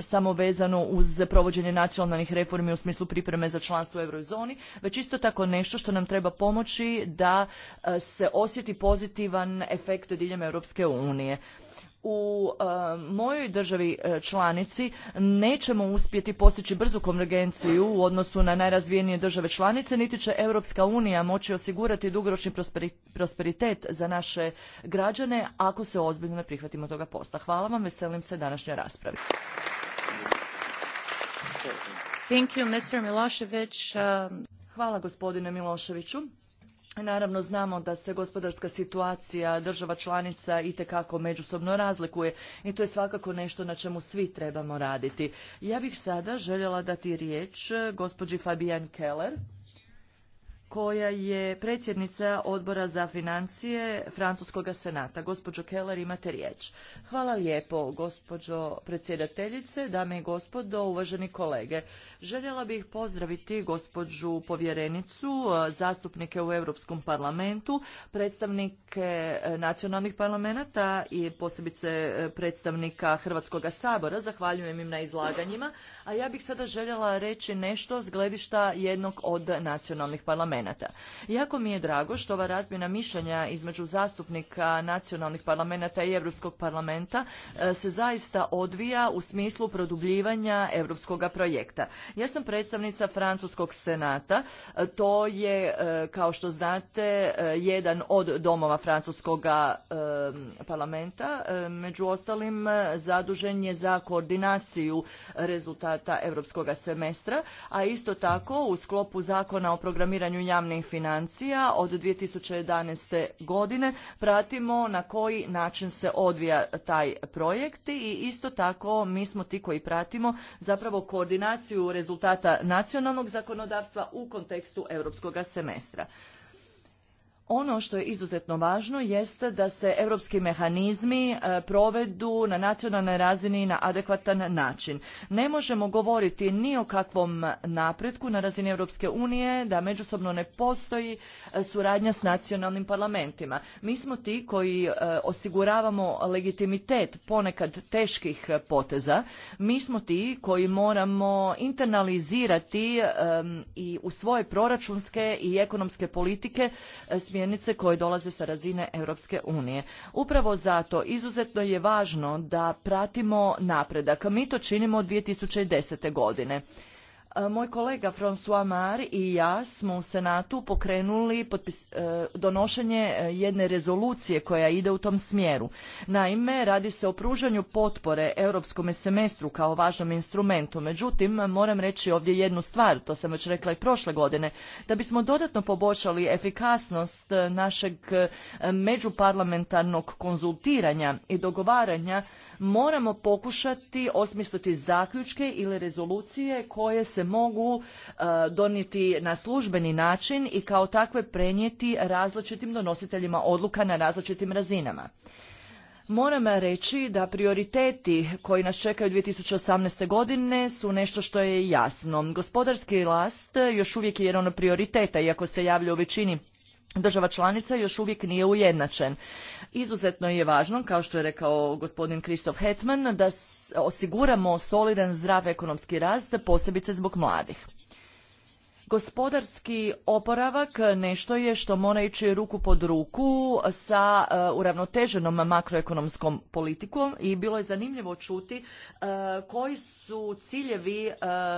samo vezano uz provođenje nacionalnih reformi u smislu pripreme za članstvo u eurozoni, već isto tako nešto što nam treba pomoći da e, se osjeti pozitivan efekt diljem Europske unije u e, mojoj državi e, članici nećemo uspjeti postići brzu konvergenciju u odnosu na najrazvijenije države članice niti će Europska unija moći osigurati dugoročni prosperitet za naše građane ako se ozbiljno ne prihvatimo toga posta. Hvala vam, veselim se današnjoj raspravi. Um, Hvala gospodine Miloševiću. Naravno znamo da se gospodarska situacija država članica itekako međusobno razlikuje i to je svakako nešto na čemu svi trebamo raditi. Ja bih sada željela dati riječ gospođi Fabijan Keller koja je predsjednica odbora za financije Francuskog senata. Gospođo Keller, imate riječ. Hvala lijepo, gospođo predsjedateljice, dame i gospodo, uvaženi kolege. Željela bih pozdraviti gospođu povjerenicu, e, zastupnike u Europskom parlamentu, predstavnike e, nacionalnih parlamenta i posebice e, predstavnika Hrvatskoga sabora. Zahvaljujem im na izlaganjima, a ja bih sada željela reći nešto s gledišta jednog od nacionalnih parlamenta parlamenta. Jako mi je drago što ova razmjena mišljenja između zastupnika nacionalnih parlamenta i Europskog parlamenta e, se zaista odvija u smislu produbljivanja europskog projekta. Ja sam predstavnica Francuskog senata, e, to je e, kao što znate jedan od domova Francuskog parlamenta, među ostalim zadužen je za koordinaciju rezultata europskog semestra, a isto tako u sklopu zakona o programiranju javnih financija od 2011. godine pratimo na koji način se odvija taj projekt i isto tako mi smo ti koji pratimo zapravo koordinaciju rezultata nacionalnog zakonodavstva u kontekstu europskog semestra. Ono što je izuzetno važno jeste da se europski mehanizmi e, provedu na nacionalnoj razini na adekvatan način. Ne možemo govoriti ni o kakvom napretku na razini Evropske unije da međusobno ne postoji e, suradnja s nacionalnim parlamentima. Mi smo ti koji e, osiguravamo legitimitet ponekad teških poteza. Mi smo ti koji moramo internalizirati i u svoje proračunske i ekonomske politike smjernice koje dolaze sa razine Europske unije. Upravo zato izuzetno je važno da pratimo napredak. Mi to činimo od 2010. godine. E, moj kolega François Mar i ja smo u Senatu pokrenuli potpis, e, donošenje e, jedne rezolucije koja ide u tom smjeru. Naime, radi se o pružanju potpore europskom semestru kao važnom instrumentu. Međutim, moram reći ovdje jednu stvar, to sam već rekla i prošle godine, da bismo dodatno poboljšali efikasnost našeg međuparlamentarnog konzultiranja i dogovaranja, moramo pokušati osmisliti zaključke ili rezolucije koje se mogu e, donijeti na službeni način i kao takve prenijeti različitim donositeljima odluka na različitim razinama. Moram reći da prioriteti koji nas čekaju 2018. godine su nešto što je jasno. Gospodarski last još uvijek je jedan od prioriteta, iako se javlja u većini država članica još uvijek nije ujednačen. Izuzetno je važno, kao što je rekao gospodin Kristof Hetman, da osiguramo solidan zdrav ekonomski rast, posebice zbog mladih. Gospodarski oporavak nešto je što mora ići ruku pod ruku sa e, uravnoteženom makroekonomskom politikom i bilo je zanimljivo čuti e, koji su ciljevi e,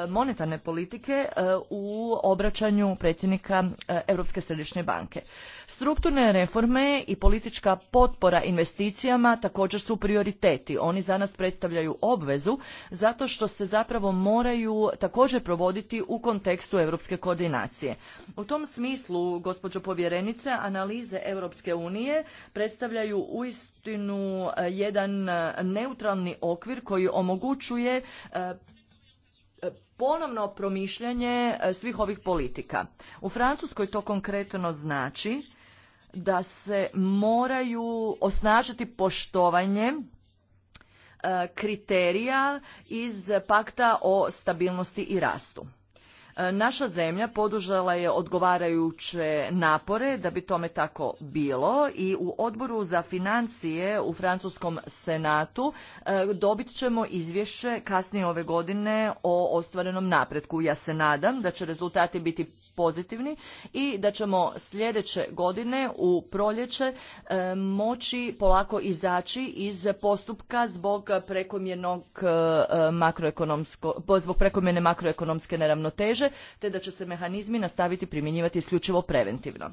monetarne politike u obraćanju predsjednika Europske središnje banke. Strukturne reforme i politička potpora investicijama također su prioriteti. Oni za nas predstavljaju obvezu zato što se zapravo moraju također provoditi u kontekstu Europske koordinacije. U tom smislu, gospođo povjerenice, analize Europske unije predstavljaju uistinu e, jedan e, neutralni okvir koji omogućuje e, ponovno promišljanje svih ovih politika. U Francuskoj to konkretno znači da se moraju osnažiti poštovanje kriterija iz pakta o stabilnosti i rastu. E, naša zemlja podužala je odgovarajuće napore da bi tome tako bilo i u odboru za financije u Francuskom senatu e, dobit ćemo izvješće kasnije ove godine o ostvarenom napretku. Ja se nadam da će rezultati biti pozitivni i da ćemo sljedeće godine u proljeće e, moći polako izaći iz postupka zbog prekomjernog e, zbog prekomjerne makroekonomske neravnoteže, te da će se mehanizmi nastaviti primjenjivati isključivo preventivno.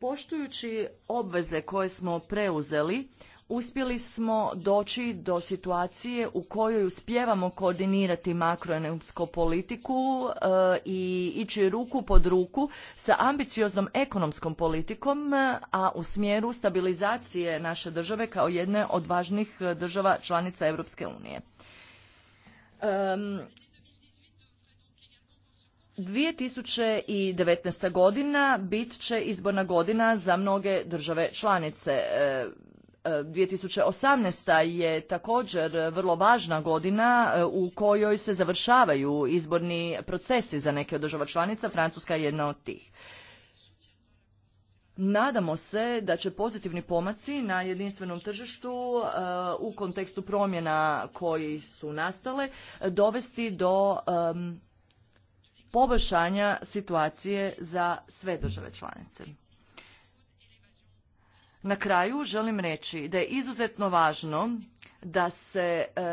Poštujući obveze koje smo preuzeli, uspjeli smo doći do situacije u kojoj uspijevamo koordinirati makroekonomsku politiku eh, i ići ruku pod ruku sa ambicioznom ekonomskom politikom, a u smjeru stabilizacije naše države kao jedne od važnih država članica Europske unije. 2019. godina bit će izborna godina za mnoge države članice. 2018. je također vrlo važna godina e, u kojoj se završavaju izborni procesi za neke od država članica, Francuska je jedna od tih. Nadamo se da će pozitivni pomaci na jedinstvenom tržištu e, u kontekstu promjena koji su nastale dovesti do poboljšanja situacije za sve države članice. Na kraju želim reći da je izuzetno važno da se e,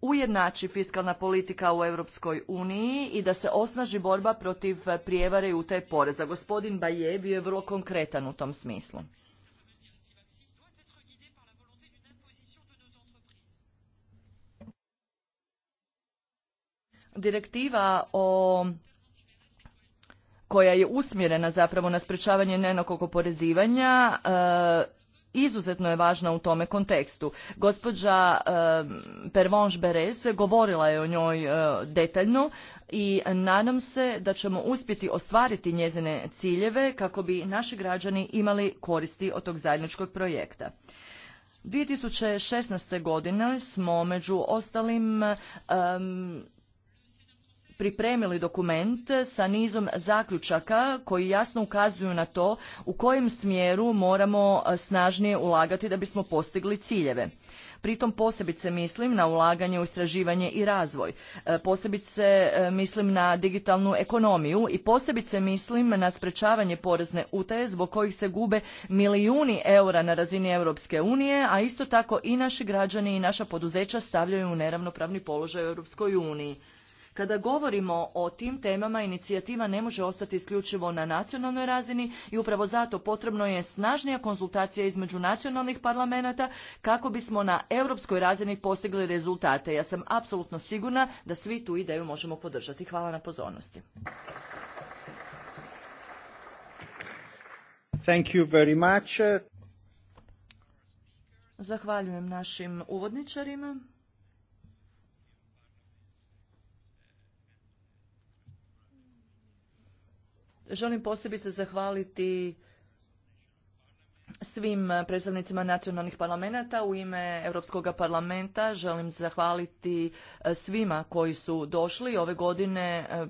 ujednači fiskalna politika u Europskoj uniji i da se osnaži borba protiv prijevare i utaje poreza. Gospodin Baje bio je vrlo konkretan u tom smislu. Direktiva o koja je usmjerena zapravo na sprečavanje nenakog oporezivanja e, izuzetno je važna u tome kontekstu. Gospođa e, Pervonš Berez govorila je o njoj e, detaljno i nadam se da ćemo uspjeti ostvariti njezine ciljeve kako bi naši građani imali koristi od tog zajedničkog projekta. 2016. godine smo među ostalim pripremili dokument sa nizom zaključaka koji jasno ukazuju na to u kojem smjeru moramo e, snažnije ulagati da bismo postigli ciljeve. Pritom posebice mislim na ulaganje u istraživanje i razvoj, e, posebice e, mislim na digitalnu ekonomiju i posebice mislim na sprečavanje porezne utaje zbog kojih se gube milijuni eura na razini Europske unije, a isto tako i naši građani i naša poduzeća stavljaju u neravnopravni položaj u Europskoj uniji. Kada govorimo o tim temama, inicijativa ne može ostati isključivo na nacionalnoj razini i upravo zato potrebno je snažnija konzultacija između nacionalnih parlamenata kako bismo na europskoj razini postigli rezultate. Ja sam apsolutno sigurna da svi tu ideju možemo podržati. Hvala na pozornosti. Thank you very much. Zahvaljujem našim uvodničarima. Želim posebice zahvaliti svim predstavnicima nacionalnih parlamenta u ime Europskog parlamenta želim zahvaliti e, svima koji su došli ove godine e,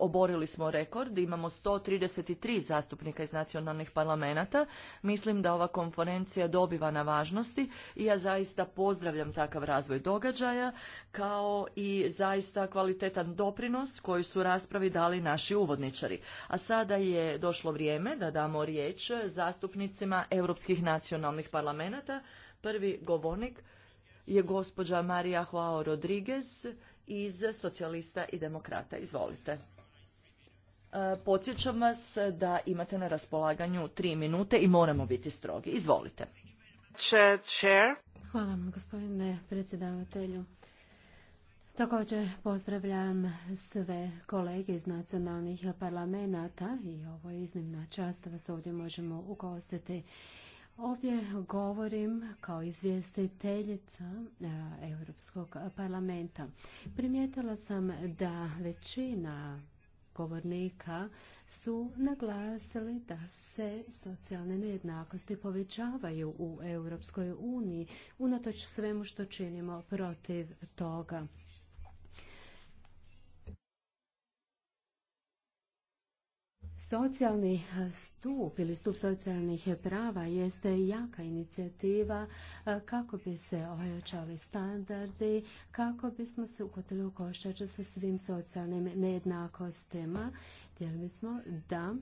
oborili smo rekord, imamo 133 zastupnika iz nacionalnih parlamenata. Mislim da ova konferencija dobiva na važnosti i ja zaista pozdravljam takav razvoj događaja kao i zaista kvalitetan doprinos koji su raspravi dali naši uvodničari. A sada je došlo vrijeme da damo riječ zastupnicima europskih nacionalnih parlamenata. Prvi govornik je gospođa Marija Joao Rodriguez iz Socijalista i Demokrata. Izvolite. Podsjećam vas da imate na raspolaganju tri minute i moramo biti strogi. Izvolite. Hvala vam, gospodine predsjedavatelju. Također pozdravljam sve kolege iz nacionalnih parlamenta i ovo je iznimna čast da vas ovdje možemo ugostiti. Ovdje govorim kao izvjestiteljica Europskog parlamenta. Primijetila sam da većina govornika su naglasili da se socijalne nejednakosti povećavaju u Europskoj uniji unatoč svemu što činimo protiv toga. Socijalni stup ili stup socijalnih prava jeste jaka inicijativa e, kako bi se ojačali standardi, kako bismo se uhvatili u košače sa svim socijalnim nejednakostima. Htjeli smo da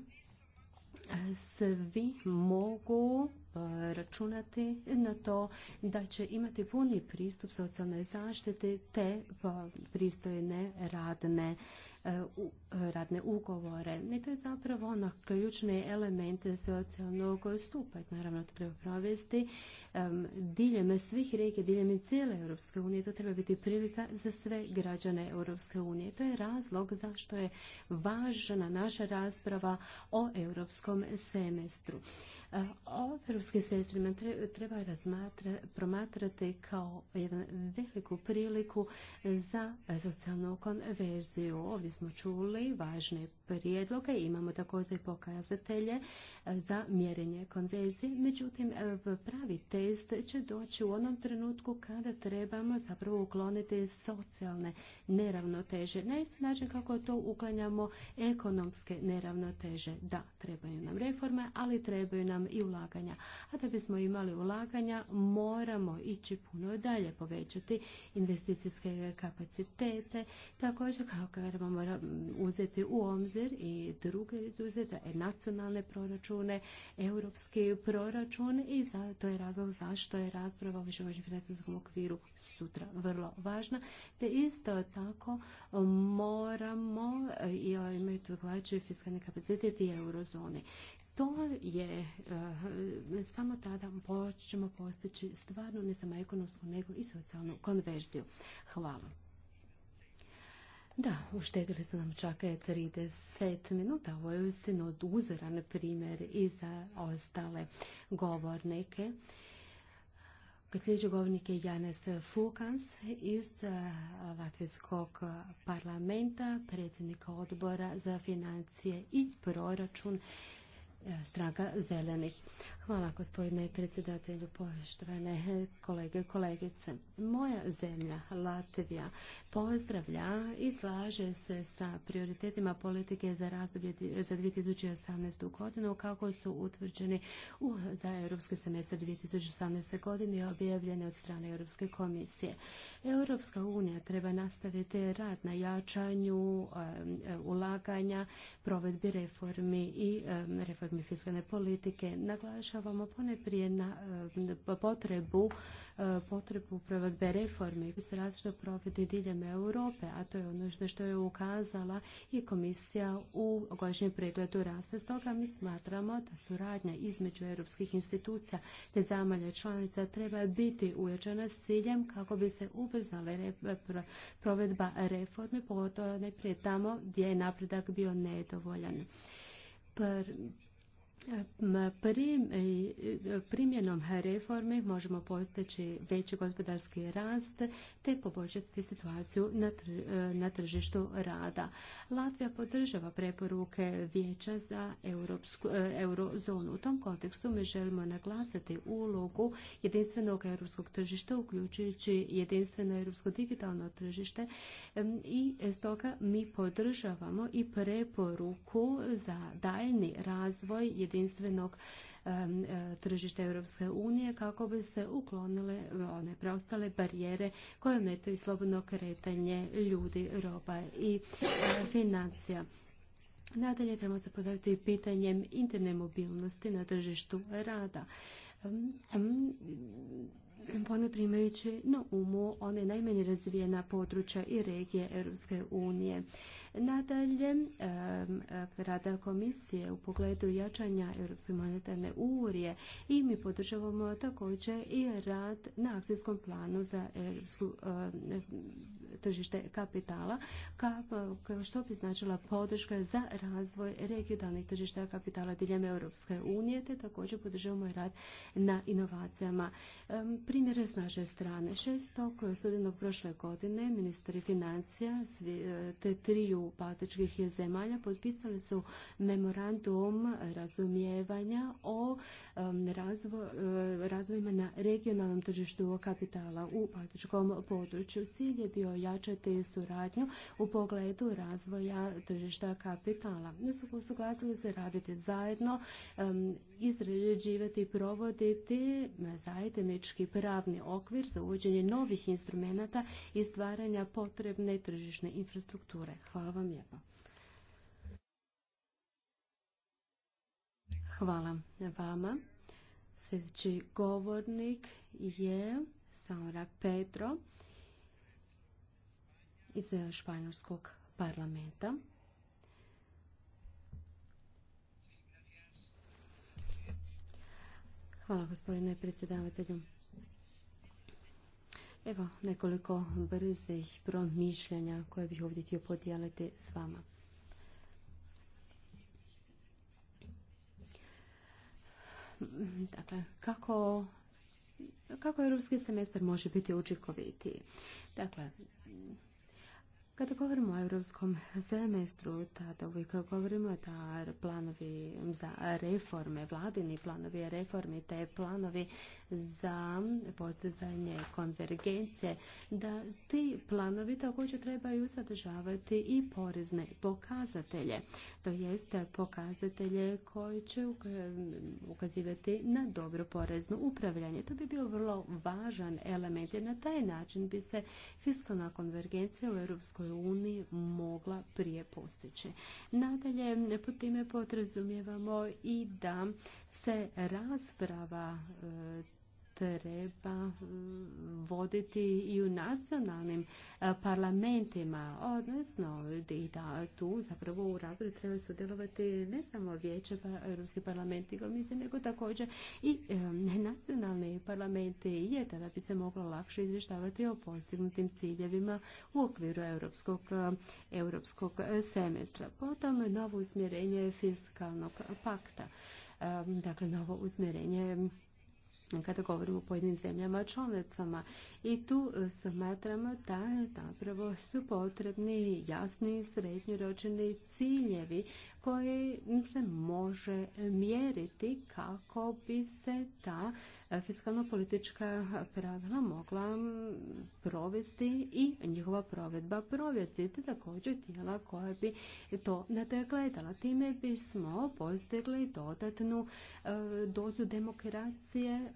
e, svi mogu e, računati na to da će imati puni pristup socijalnoj zaštiti te pristojne radne E, radne ugovore. I to je zapravo ono ključni element socijalnog stupa. Naravno, to treba provesti diljem svih reke, diljem cijele Europske unije. To treba biti prilika za sve građane Europske unije. To je razlog zašto je važna naša rasprava o europskom semestru. Europskim sestrima treba promatrati kao jednu veliku priliku za socijalnu konverziju. Ovdje smo čuli važne prijedloge, imamo također pokazatelje za mjerenje konverzije. Međutim, pravi test će doći u onom trenutku kada trebamo zapravo ukloniti socijalne neravnoteže. Na isti način kako to uklanjamo ekonomske neravnoteže. Da, trebaju nam reforme, ali trebaju nam i ulaganja. A da bismo imali ulaganja, moramo ići puno dalje, povećati investicijske kapacitete, također kao kada moramo uzeti u obzir i druge izuzete, nacionalne proračune, europski proračun i to je razlog zašto je rasprava o višegodišnjem financijskom okviru sutra vrlo važna, te isto tako moramo i to drugačiji fiskalne kapacitet i eurozoni. To je e, samo tada ćemo postići stvarno ne samo ekonomsku nego i socijalnu konverziju. Hvala. Da, uštedili ste nam čak 30 minuta. Ovo je uistinu oduzoran primjer i za ostale govornike. Sljedeći govornik je Janes Fukans iz e, Latvijskog parlamenta, predsjednika odbora za financije i proračun E, straga zelenih. Hvala gospodine predsjedatelju, poštovane kolege i kolegice. Moja zemlja, Latvija, pozdravlja i slaže se sa prioritetima politike za razdoblje za 2018. godinu kako su utvrđeni za europski semestar 2018. godine i objavljeni od strane Europske komisije. Europska unija treba nastaviti rad na jačanju e, e, ulaganja, provedbi reformi i reformi reformi fiskalne politike. Naglašavamo pone na eh, potrebu eh, potrebu provedbe reformi koji se različito provodi diljem Europe, a to je ono što je ukazala i komisija u godišnjem pregledu rasta. Stoga mi smatramo da suradnja između europskih institucija te zamalja članica treba biti uječena s ciljem kako bi se ubrzala eh, provedba reformi, pogotovo najprije tamo gdje je napredak bio nedovoljan. E, primjenom reforme možemo postići veći gospodarski rast te poboljšati situaciju na e, tržištu rada. Latvija podržava preporuke Vijeća za e, eurozonu. U tom kontekstu mi želimo naglasiti ulogu jedinstvenog europskog tržišta, uključujući jedinstveno europsko digitalno tržište i stoga mi podržavamo i preporuku za daljni razvoj jedinstvenog e, tržišta Europske unije kako bi se uklonile one preostale barijere koje metaju slobodno kretanje ljudi, roba i e, financija. Nadalje trebamo se podaviti pitanjem interne mobilnosti na tržištu rada. Pone primajući na umu one najmanje razvijena područja i regije Europske unije. Nadalje, rada komisije u pogledu jačanja Europske monetarne urije i mi podržavamo također i rad na akcijskom planu za tržište kapitala kao što bi značila podrška za razvoj regionalnih tržišta kapitala diljem Europske unije te također podržavamo i rad na inovacijama. Primjere s naše strane. Šestog studenog prošle godine ministri financija te triju između baltičkih zemalja potpisali su memorandum razumijevanja o razvojima na regionalnom tržištu kapitala u baltičkom području. Cilj je bio jačati suradnju u pogledu razvoja tržišta kapitala. Nisu usuglasili se raditi zajedno izrađivati i provoditi zajednički pravni okvir za uvođenje novih instrumenata i stvaranja potrebne tržišne infrastrukture. Hvala vam lijepa. Hvala vama. Sljedeći govornik je saura Petro iz Španjolskog parlamenta. Hvala gospodine predsjedavatelju. Evo nekoliko brzih promišljanja koje bih ovdje htio podijeliti s vama. Dakle, kako kako europski semestar može biti učinkovitiji. Dakle, kada govorimo o europskom semestru, tada uvijek govorimo da planovi za reforme, vladini planovi reformi, te planovi za postizanje konvergencije, da ti planovi također trebaju sadržavati i porezne pokazatelje, to jest pokazatelje koji će ukazivati na dobro porezno upravljanje. To bi bio vrlo važan element jer na taj način bi se fiskalna konvergencija u Europskoj mogla prije postići. Nadalje, po time podrazumijevamo i da se rasprava e, treba mm, voditi i u nacionalnim e, parlamentima, odnosno i da tu zapravo u razvoju treba sudjelovati ne samo vijeće pa Europski parlament i komisije, nego također i e, nacionalni parlamenti je tada bi se moglo lakše izvještavati o postignutim ciljevima u okviru europskog, e, europskog semestra. Potom novo usmjerenje fiskalnog pakta dakle novo usmjerenje kada govorimo o pojedinim zemljama članicama. I tu e, smatramo da zapravo su potrebni jasni srednjoročni ciljevi koji se može mjeriti kako bi se ta fiskalno-politička pravila mogla provesti i njihova provedba provjeriti, također tijela koja bi to nadgledala. Time bismo postigli dodatnu e, dozu demokracije, e,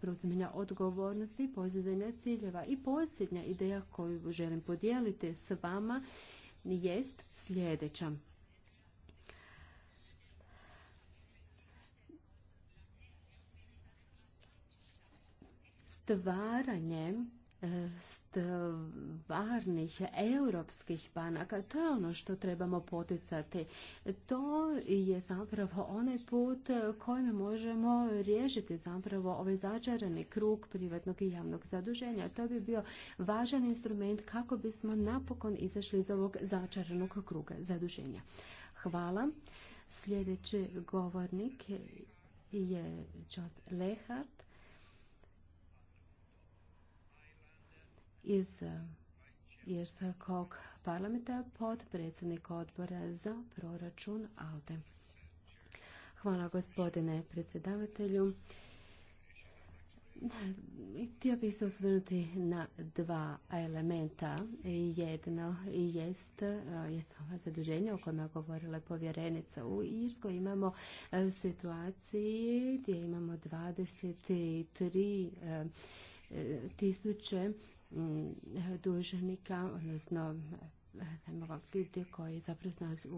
preuzimanja odgovornosti, postizanja ciljeva. I posljednja ideja koju želim podijeliti s vama jest sljedeća. stvaranje e, stvarnih europskih banaka, to je ono što trebamo poticati. To je zapravo onaj put kojim možemo riješiti zapravo ovaj začarani krug privatnog i javnog zaduženja. To bi bio važan instrument kako bismo napokon izašli iz ovog začaranog kruga zaduženja. Hvala. Sljedeći govornik je John Lehart iz Irskog parlamenta pod predsjednik odbora za proračun ALDE. Hvala gospodine predsjedavatelju. Htio bih se osvrnuti na dva elementa. Jedno jest, jest ova zaduženja o kojima je govorila povjerenica. U Irskoj imamo e, situaciji gdje imamo 23 e, tisuće Mm, dužnika, odnosno eh, ljudi koji zapravo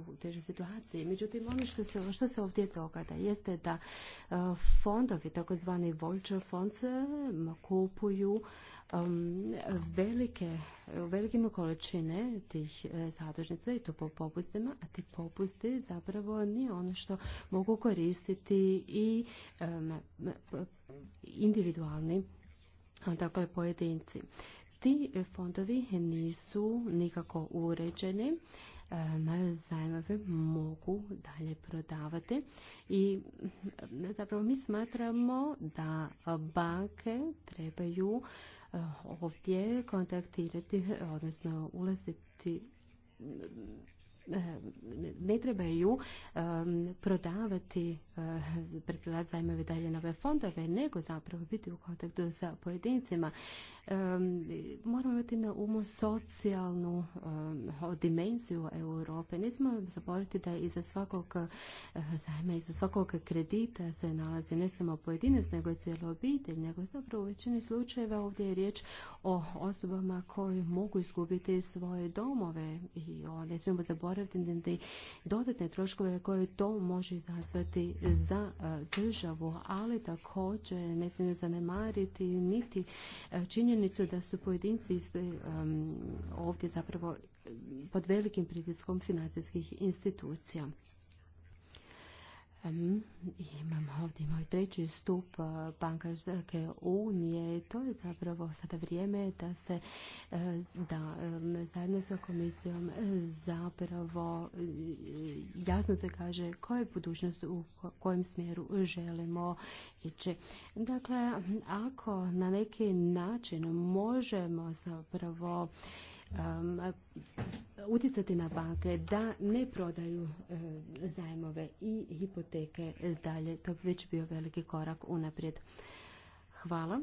u težoj situaciji. Međutim, ono što se, ono što se ovdje događa jeste da eh, fondovi, takozvani vulture fonds, kupuju um, velike, velikim količine tih eh, zadužnica i to po popustima, a ti popusti zapravo nije ono što mogu koristiti i individualni dakle pojedinci. Ti e, fondovi nisu nikako uređeni, zajmove mogu dalje prodavati i e, zapravo mi smatramo da banke trebaju e, ovdje kontaktirati, odnosno ulaziti ne trebaju prodavati eh, preprodat zajmove dalje nove fondove, nego zapravo biti u kontaktu sa pojedincima. Moramo imati na umu socijalnu dimenziju Europe. Ne zaboraviti da iza svakog eh, zajma, iza svakog kredita se nalazi ne samo pojedinac, nego i cijelo obitelj, nego zapravo u većini slučajeva ovdje je riječ o osobama koje mogu izgubiti svoje domove i ne smijemo zaboraviti zaboraviti dodatne troškove koje to može izazvati za e, državu, ali također ne smijemo zanemariti niti e, činjenicu da su pojedinci e, ovdje zapravo pod velikim pritiskom financijskih institucija. Imamo ovdje moj treći stup eh, bankarske unije. To je zapravo sada vrijeme da se eh, da zajedno sa komisijom eh, zapravo jasno se kaže koja je budućnost u kojem smjeru želimo ići. Dakle, ako na neki način možemo zapravo um, utjecati na banke da ne prodaju e, zajmove i hipoteke dalje. To bi već bio veliki korak unaprijed. Hvala.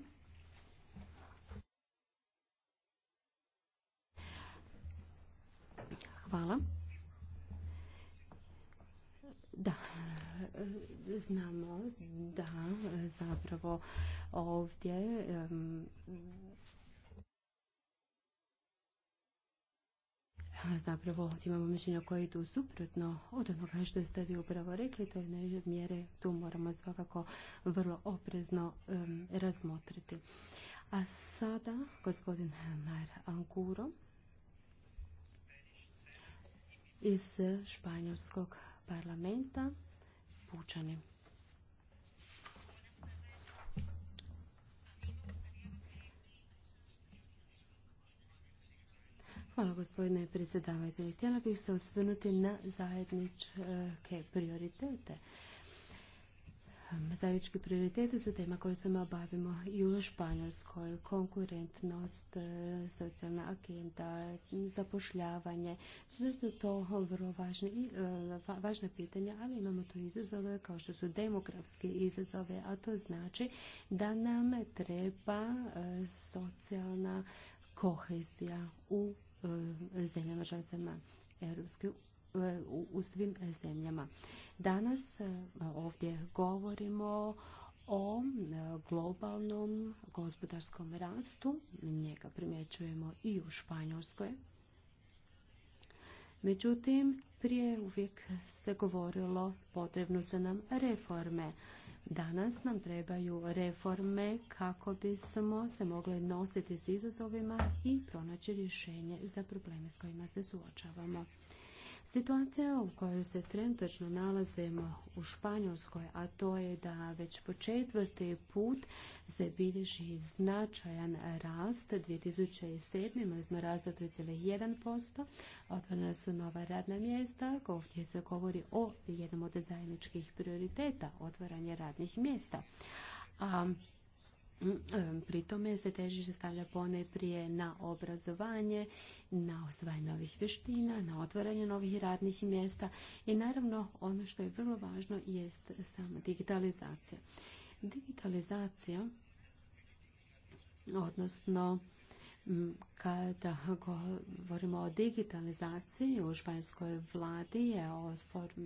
Hvala. Da, znamo da zapravo ovdje zapravo imamo mišljenja koje idu suprotno od onoga što ste vi upravo rekli, to je mjere tu moramo svakako vrlo oprezno razmotriti. A sada gospodin Mar Anguro iz Španjolskog parlamenta, Pučani. Hvala gospodine predsjedavatelju. Htjela bih se osvrnuti na zajedničke prioritete. Ehm, zajednički prioriteti su tema koje se bavimo i u Španjolskoj, konkurentnost, e, socijalna agenda, zapošljavanje, sve su to vrlo važne, e, važna pitanja, ali imamo tu izazove kao što su demografske izazove, a to znači da nam treba e, socijalna kohezija u E, zemljama članicama Europske e, u svim zemljama. Danas e, ovdje govorimo o globalnom gospodarskom rastu. Njega primjećujemo i u Španjolskoj. Međutim, prije uvijek se govorilo potrebno se nam reforme. Danas nam trebaju reforme kako bismo se mogli nositi s izazovima i pronaći rješenje za probleme s kojima se suočavamo. Situacija u kojoj se trenutno nalazimo u Španjolskoj, a to je da već po četvrti put se bilježi značajan rast. 2007. imali smo rast od 3,1%. Otvorena su nova radna mjesta. Ovdje se govori o jednom od zajedničkih prioriteta, otvaranje radnih mjesta. A Mm, e, pri tome se težište stavlja pone prije na obrazovanje, na osvajanje novih vještina, na otvaranje novih radnih mjesta i naravno ono što je vrlo važno jest sama digitalizacija. Digitalizacija, odnosno mm, kada govorimo o digitalizaciji, u španjskoj vladi je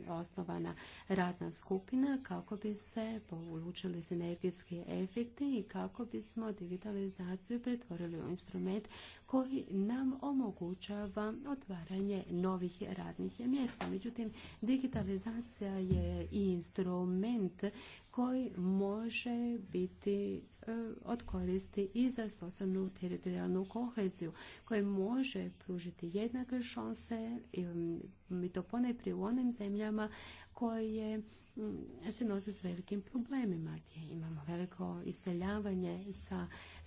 osnovana radna skupina kako bi se polučili sinergijski efekti i kako bismo digitalizaciju pretvorili u instrument koji nam omogućava otvaranje novih radnih mjesta. Međutim, digitalizacija je i instrument koji može biti e, od koristi i za socijalnu teritorijalnu koheziju koji koje može pružiti jednake šanse i to ponajprije u onim zemljama koje mm, se nose s velikim problemima gdje imamo veliko iseljavanje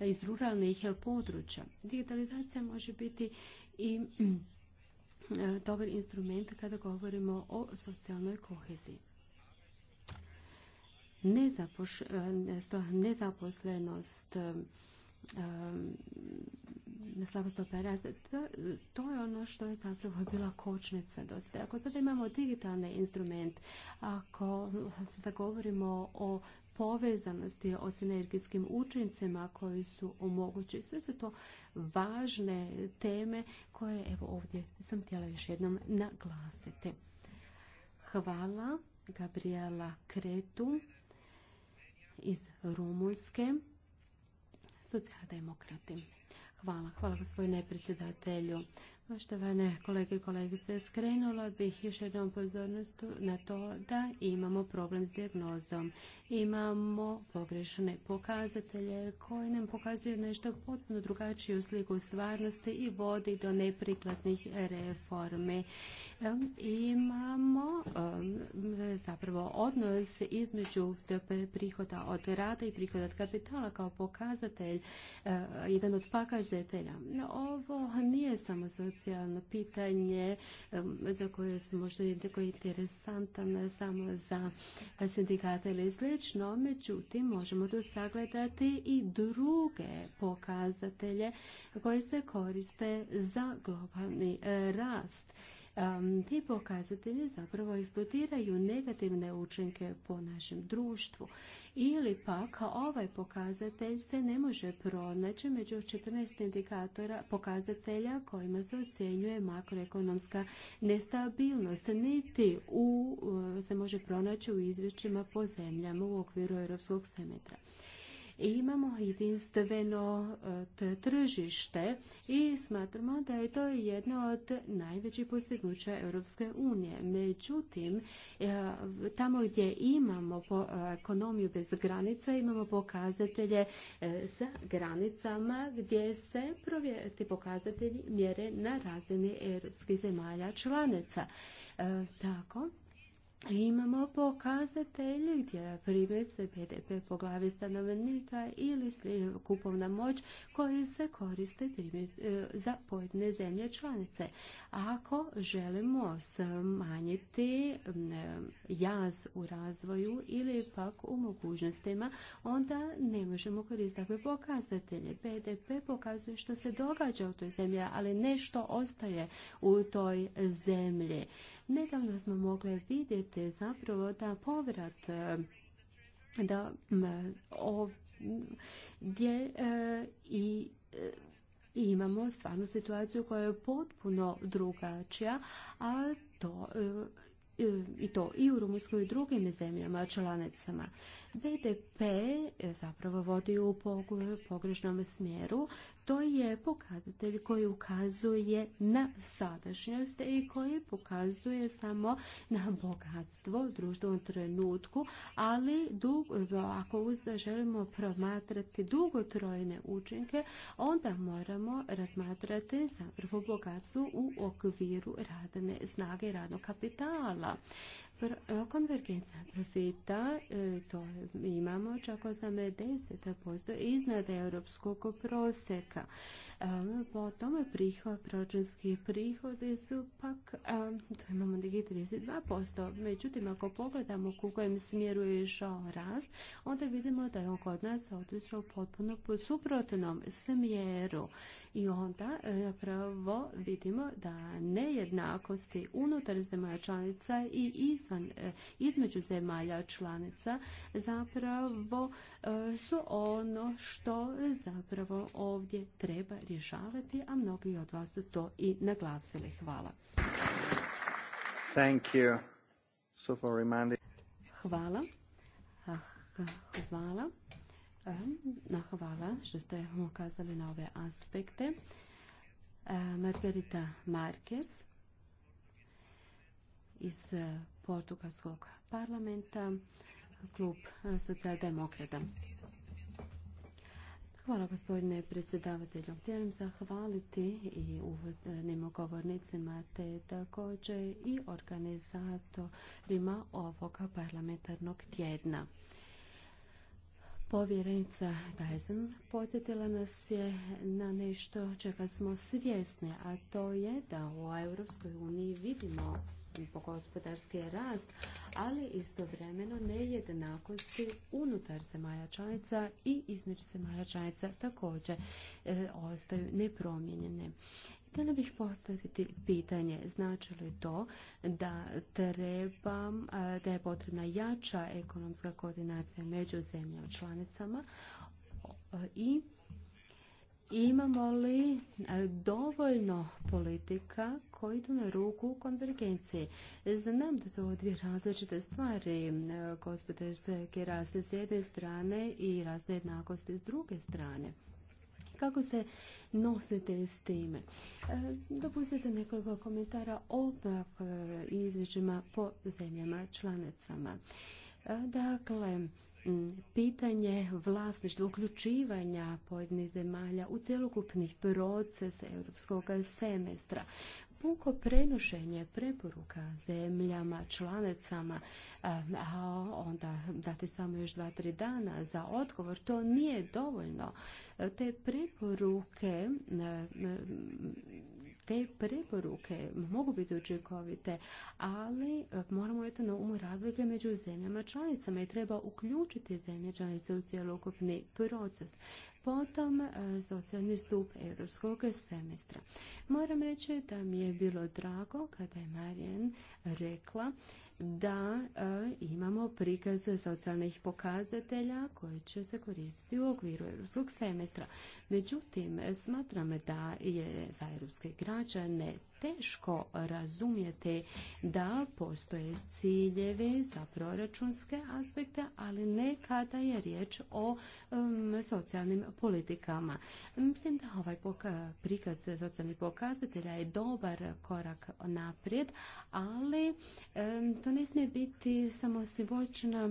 iz ruralnih područja. Digitalizacija može biti i mm, dobar instrument kada govorimo o socijalnoj koheziji. E, nezaposlenost e, slabost operaza. To, to je ono što je zapravo bila kočnica dosta. Ako sada imamo digitalni instrument, ako sada govorimo o povezanosti, o sinergijskim učincima koji su omogući. Sve su to važne teme koje evo ovdje sam htjela još jednom naglasiti. Hvala Gabriela Kretu iz Rumunjske socijaldemokrati. Hvala, hvala gospodine predsjedatelju. Poštovane kolege i kolegice, skrenula bih još jednom pozornost na to da imamo problem s diagnozom. Imamo pogrešne pokazatelje koji nam pokazuju nešto potpuno drugačiju sliku stvarnosti i vodi do neprikladnih reformi. Imamo zapravo odnos između prihoda od rada i prihoda od kapitala kao pokazatelj, e, jedan od pokazatelja. Ovo nije samo socijalno pitanje za koje se možda tako interesantan samo za sindikate ili slično, međutim možemo tu sagledati i druge pokazatelje koji se koriste za globalni e, rast ti pokazatelji zapravo eksplodiraju negativne učinke po našem društvu. Ili pak ovaj pokazatelj se ne može pronaći među 14 indikatora pokazatelja kojima se ocjenjuje makroekonomska nestabilnost. Niti u, e, se može pronaći u izvješćima po zemljama u okviru europskog semetra. Imamo jedinstveno e, tržište i smatramo da je to jedno od najvećih postignuća Europske unije. Međutim, e, tamo gdje imamo e, ekonomiju bez granica, imamo pokazatelje sa granicama gdje se ti pokazatelji mjere na razini europskih zemalja članica. Tako Imamo pokazatelje gdje primjerice BDP po glavi stanovnika ili kupovna moć koji se koriste e, za pojedine zemlje članice. Ako želimo smanjiti e, jaz u razvoju ili pak u mogućnostima, onda ne možemo koristiti takve pokazatelje. BDP pokazuje što se događa u toj zemlji, ali nešto ostaje u toj zemlji. Nedavno smo mogli vidjeti zapravo da povrat e, da gdje e, i e, imamo stvarno situaciju koja je potpuno drugačija, a to i to i u Rumunjskoj i drugim zemljama članicama. BDP e, zapravo vodi u pogrešnom smjeru. To je pokazatelj koji ukazuje na sadašnjost i koji pokazuje samo na bogatstvo u društvom trenutku, ali ako želimo promatrati dugotrojne učinke, onda moramo razmatrati zapravo bogatstvo u okviru radne snage i radnog kapitala. E, konvergencija profita, e, to imamo čak 80% iznad europskog proseka. E, Potom prihod, proračunski prihodi su pak, to imamo 32%. Međutim, ako pogledamo u kojem smjeru je išao rast, onda vidimo da je on kod nas otišao potpuno po suprotnom smjeru. I onda zapravo vidimo da nejednakosti unutar zemlja članica i iz izvan, e, između zemalja članica zapravo e, su ono što zapravo ovdje treba rješavati, a mnogi od vas su to i naglasili. Hvala. Thank you. So for hvala. Ah, hvala. E, hvala što ste ukazali na ove aspekte. Margarita Marquez iz Portugalskog parlamenta, klub e, socijaldemokrata. Hvala gospodine predsjedavatelju. Htjelim zahvaliti i uvodnim govornicima te također i organizatorima ovog parlamentarnog tjedna. Povjerenica Dyson podsjetila nas je na nešto čega smo svjesni, a to je da u Europskoj uniji vidimo gospodarski rast, ali istovremeno nejednakosti unutar zemalja članica i između zemalja članica također e, ostaju nepromijenjene. Htjela bih postaviti pitanje, znači li to da treba, e, da je potrebna jača ekonomska koordinacija među zemljama članicama i imamo li e, dovoljno politika koji idu na ruku konvergencije. Znam da su ovo dvije različite stvari, e, gospodarske raste s jedne strane i raste jednakosti s druge strane kako se nosite s time. E, dopustite nekoliko komentara o e, izvješćima po zemljama članicama. Dakle, pitanje vlasništva, uključivanja pojedinih zemalja u cjelokupni proces europskog semestra puko prenošenje preporuka zemljama, članicama, a onda dati samo još dva, tri dana za odgovor, to nije dovoljno. Te preporuke te preporuke mogu biti učinkovite, ali e, moramo eto na umu razlike među zemljama članicama i treba uključiti zemlje članice u cjelokupni proces. Potom e, socijalni stup europskog semestra. Moram reći da mi je bilo drago kada je Marijan rekla da e, imamo prikaz socijalnih pokazatelja koji će se koristiti u okviru europskog semestra. Međutim, smatram da je za europske građane teško razumjeti da postoje ciljeve za proračunske aspekte, ali ne kada je riječ o socijalnim politikama. Mislim da ovaj prikaz socijalnih pokazatelja je dobar korak naprijed, ali to ne smije biti samo simbolična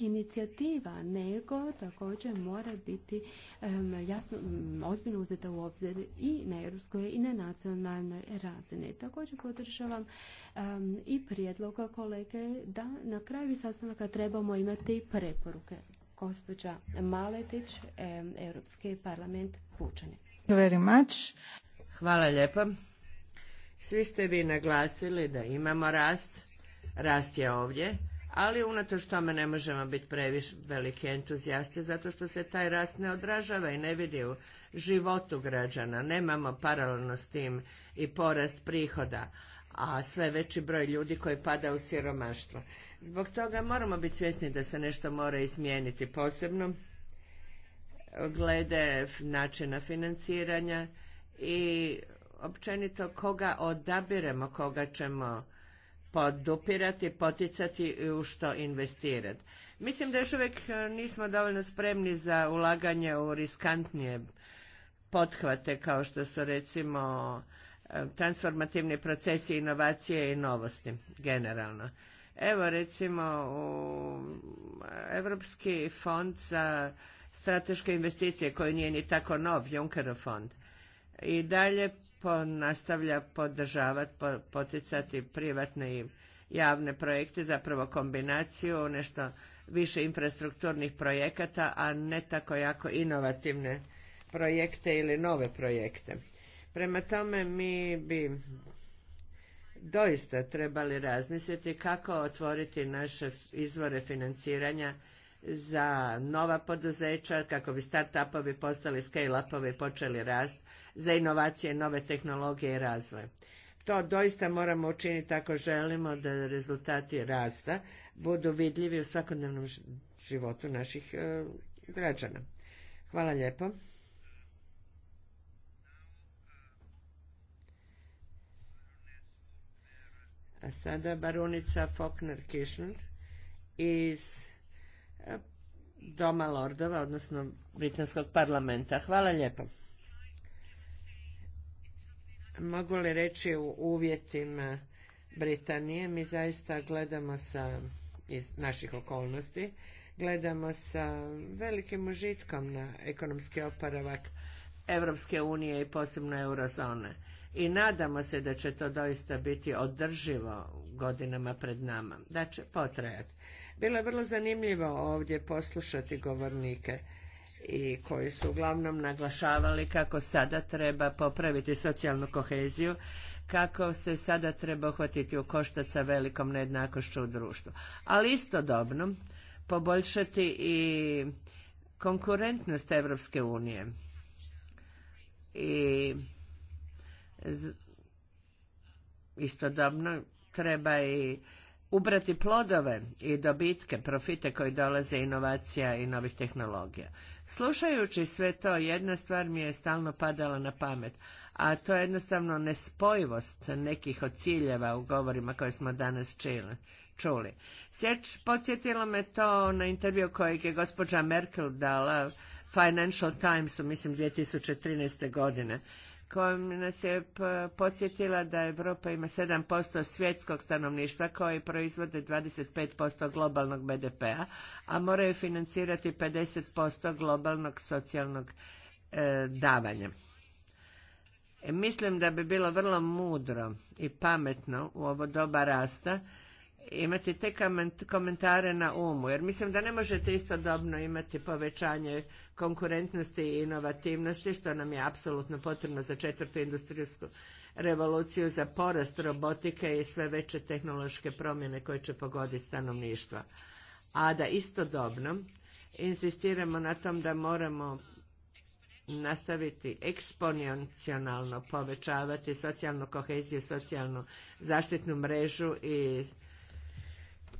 inicijativa, nego također mora biti jasno, ozbiljno uzeta u obzir i na europskoj i na nacionalnoj razini. Također podržavam i prijedlog kolege da na kraju sastanaka trebamo imati preporuke. Gospođa Maletić, Europski parlament Pučani. Hvala lijepa. Svi ste vi naglasili da imamo rast, rast je ovdje, ali unatoč tome ne možemo biti previše veliki entuzijasti zato što se taj rast ne odražava i ne vidi u životu građana. Nemamo paralelno s tim i porast prihoda, a sve veći broj ljudi koji pada u siromaštvo. Zbog toga moramo biti svjesni da se nešto mora izmijeniti posebno glede načina financiranja i općenito koga odabiremo, koga ćemo podupirati, poticati i u što investirati. Mislim da još uvijek e, nismo dovoljno spremni za ulaganje u riskantnije pothvate kao što su recimo e, transformativni procesi, inovacije i novosti generalno. Evo recimo u Europski fond za strateške investicije koji nije ni tako nov, Junckerov fond. I dalje nastavlja podržavati, poticati privatne i javne projekte, zapravo kombinaciju, nešto više infrastrukturnih projekata, a ne tako jako inovativne projekte ili nove projekte. Prema tome mi bi doista trebali razmisliti kako otvoriti naše izvore financiranja za nova poduzeća, kako bi start-upovi postali scale-upovi i počeli rast, za inovacije, nove tehnologije i razvoj. To doista moramo učiniti ako želimo da rezultati rasta budu vidljivi u svakodnevnom životu naših e, građana. Hvala lijepo. A sada barunica Fokner Kišner iz Doma Lordova, odnosno Britanskog parlamenta. Hvala lijepo. Mogu li reći u uvjetima Britanije, mi zaista gledamo sa, iz naših okolnosti, gledamo sa velikim užitkom na ekonomski oporavak Evropske unije i posebno eurozone. I nadamo se da će to doista biti održivo godinama pred nama, da će potrajati. Bilo je vrlo zanimljivo ovdje poslušati govornike i koji su uglavnom naglašavali kako sada treba popraviti socijalnu koheziju, kako se sada treba uhvatiti u koštac sa velikom nejednakošću u društvu. Ali istodobno poboljšati i konkurentnost Evropske unije i istodobno treba i ubrati plodove i dobitke, profite koji dolaze inovacija i novih tehnologija. Slušajući sve to, jedna stvar mi je stalno padala na pamet, a to je jednostavno nespojivost nekih od ciljeva u govorima koje smo danas čili, čuli. Sjeć, podsjetilo me to na intervju kojeg je gospođa Merkel dala Financial Timesu, mislim 2013. godine, kojom nas je podsjetila da Europa ima 7% svjetskog stanovništva koji proizvode 25% globalnog BDP-a, a moraju financirati 50% globalnog socijalnog e, davanja. E, mislim da bi bilo vrlo mudro i pametno u ovo doba rasta imati te komentare na umu, jer mislim da ne možete istodobno imati povećanje konkurentnosti i inovativnosti, što nam je apsolutno potrebno za četvrtu industrijsku revoluciju, za porast robotike i sve veće tehnološke promjene koje će pogoditi stanovništva. A da istodobno insistiramo na tom da moramo nastaviti eksponencionalno povećavati socijalnu koheziju, socijalnu zaštitnu mrežu i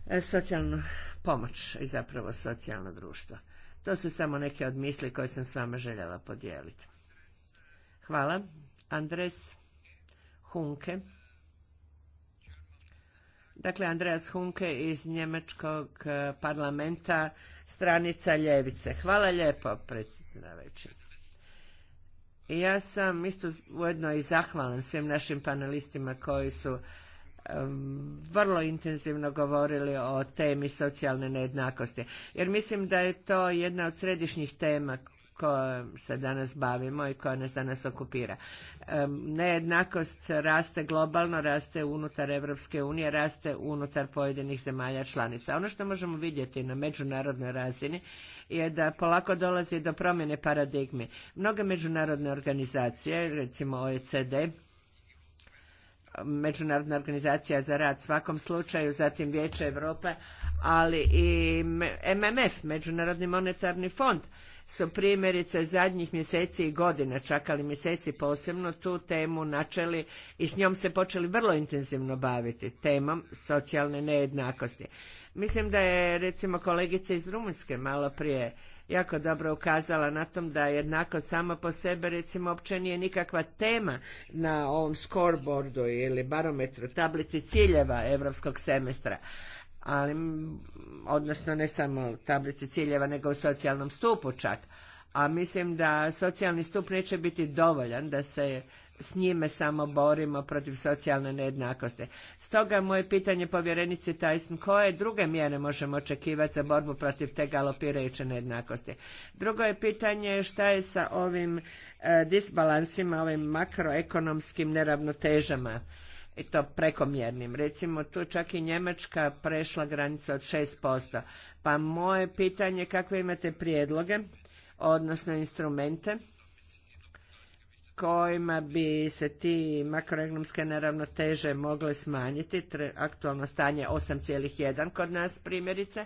E, socijalnu pomoć i zapravo socijalno društvo. To su samo neke od misli koje sam s vama željela podijeliti. Hvala. Andres Hunke. Dakle, Andreas Hunke iz Njemačkog e, parlamenta, stranica Ljevice. Hvala lijepo, predsjedavajući. Ja sam isto ujedno i zahvalan svim našim panelistima koji su vrlo intenzivno govorili o temi socijalne nejednakosti. Jer mislim da je to jedna od središnjih tema kojom se danas bavimo i koja nas danas okupira. Nejednakost raste globalno, raste unutar Evropske unije, raste unutar pojedinih zemalja članica. Ono što možemo vidjeti na međunarodnoj razini je da polako dolazi do promjene paradigme. Mnoge međunarodne organizacije, recimo OECD, Međunarodna organizacija za rad svakom slučaju, zatim Vijeće Europe, ali i MMF, Međunarodni monetarni fond, su primjerice zadnjih mjeseci i godina, Čakali mjeseci posebno, tu temu načeli i s njom se počeli vrlo intenzivno baviti, temom socijalne nejednakosti. Mislim da je recimo kolegica iz Rumunjske malo prije jako dobro ukazala na tom da jednako sama po sebi recimo uopće nije nikakva tema na ovom scoreboardu ili barometru tablici ciljeva europskog semestra ali odnosno ne samo tablici ciljeva nego u socijalnom stupu čak a mislim da socijalni stup neće biti dovoljan da se s njime samo borimo protiv socijalne nejednakosti. Stoga moje pitanje povjerenici Tyson, koje druge mjere možemo očekivati za borbu protiv te galopirajuće nejednakosti? Drugo je pitanje šta je sa ovim e, disbalansima, ovim makroekonomskim neravnotežama i to prekomjernim. Recimo tu čak i Njemačka prešla granicu od 6%. Pa moje pitanje kakve imate prijedloge, odnosno instrumente kojima bi se ti makroekonomske neravnoteže mogle smanjiti. Aktualno stanje 8,1 kod nas primjerice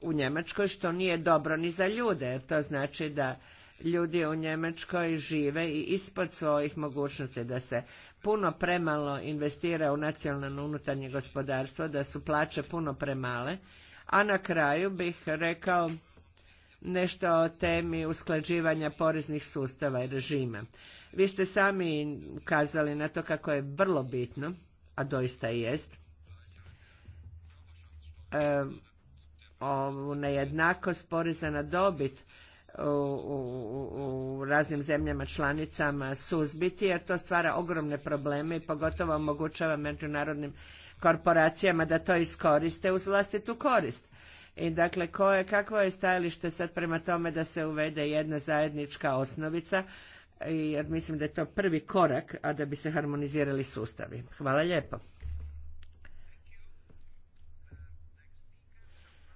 u Njemačkoj, što nije dobro ni za ljude, jer to znači da ljudi u Njemačkoj žive i ispod svojih mogućnosti, da se puno premalo investira u nacionalno unutarnje gospodarstvo, da su plaće puno premale. A na kraju bih rekao nešto o temi usklađivanja poreznih sustava i režima. Vi ste sami ukazali na to kako je vrlo bitno, a doista i jest, ovu nejednakost poreza na dobit u, u, raznim zemljama članicama suzbiti, jer to stvara ogromne probleme i pogotovo omogućava međunarodnim korporacijama da to iskoriste uz vlastitu korist. I dakle, kakvo je stajalište sad prema tome da se uvede jedna zajednička osnovica jer mislim da je to prvi korak, a da bi se harmonizirali sustavi. Hvala lijepo.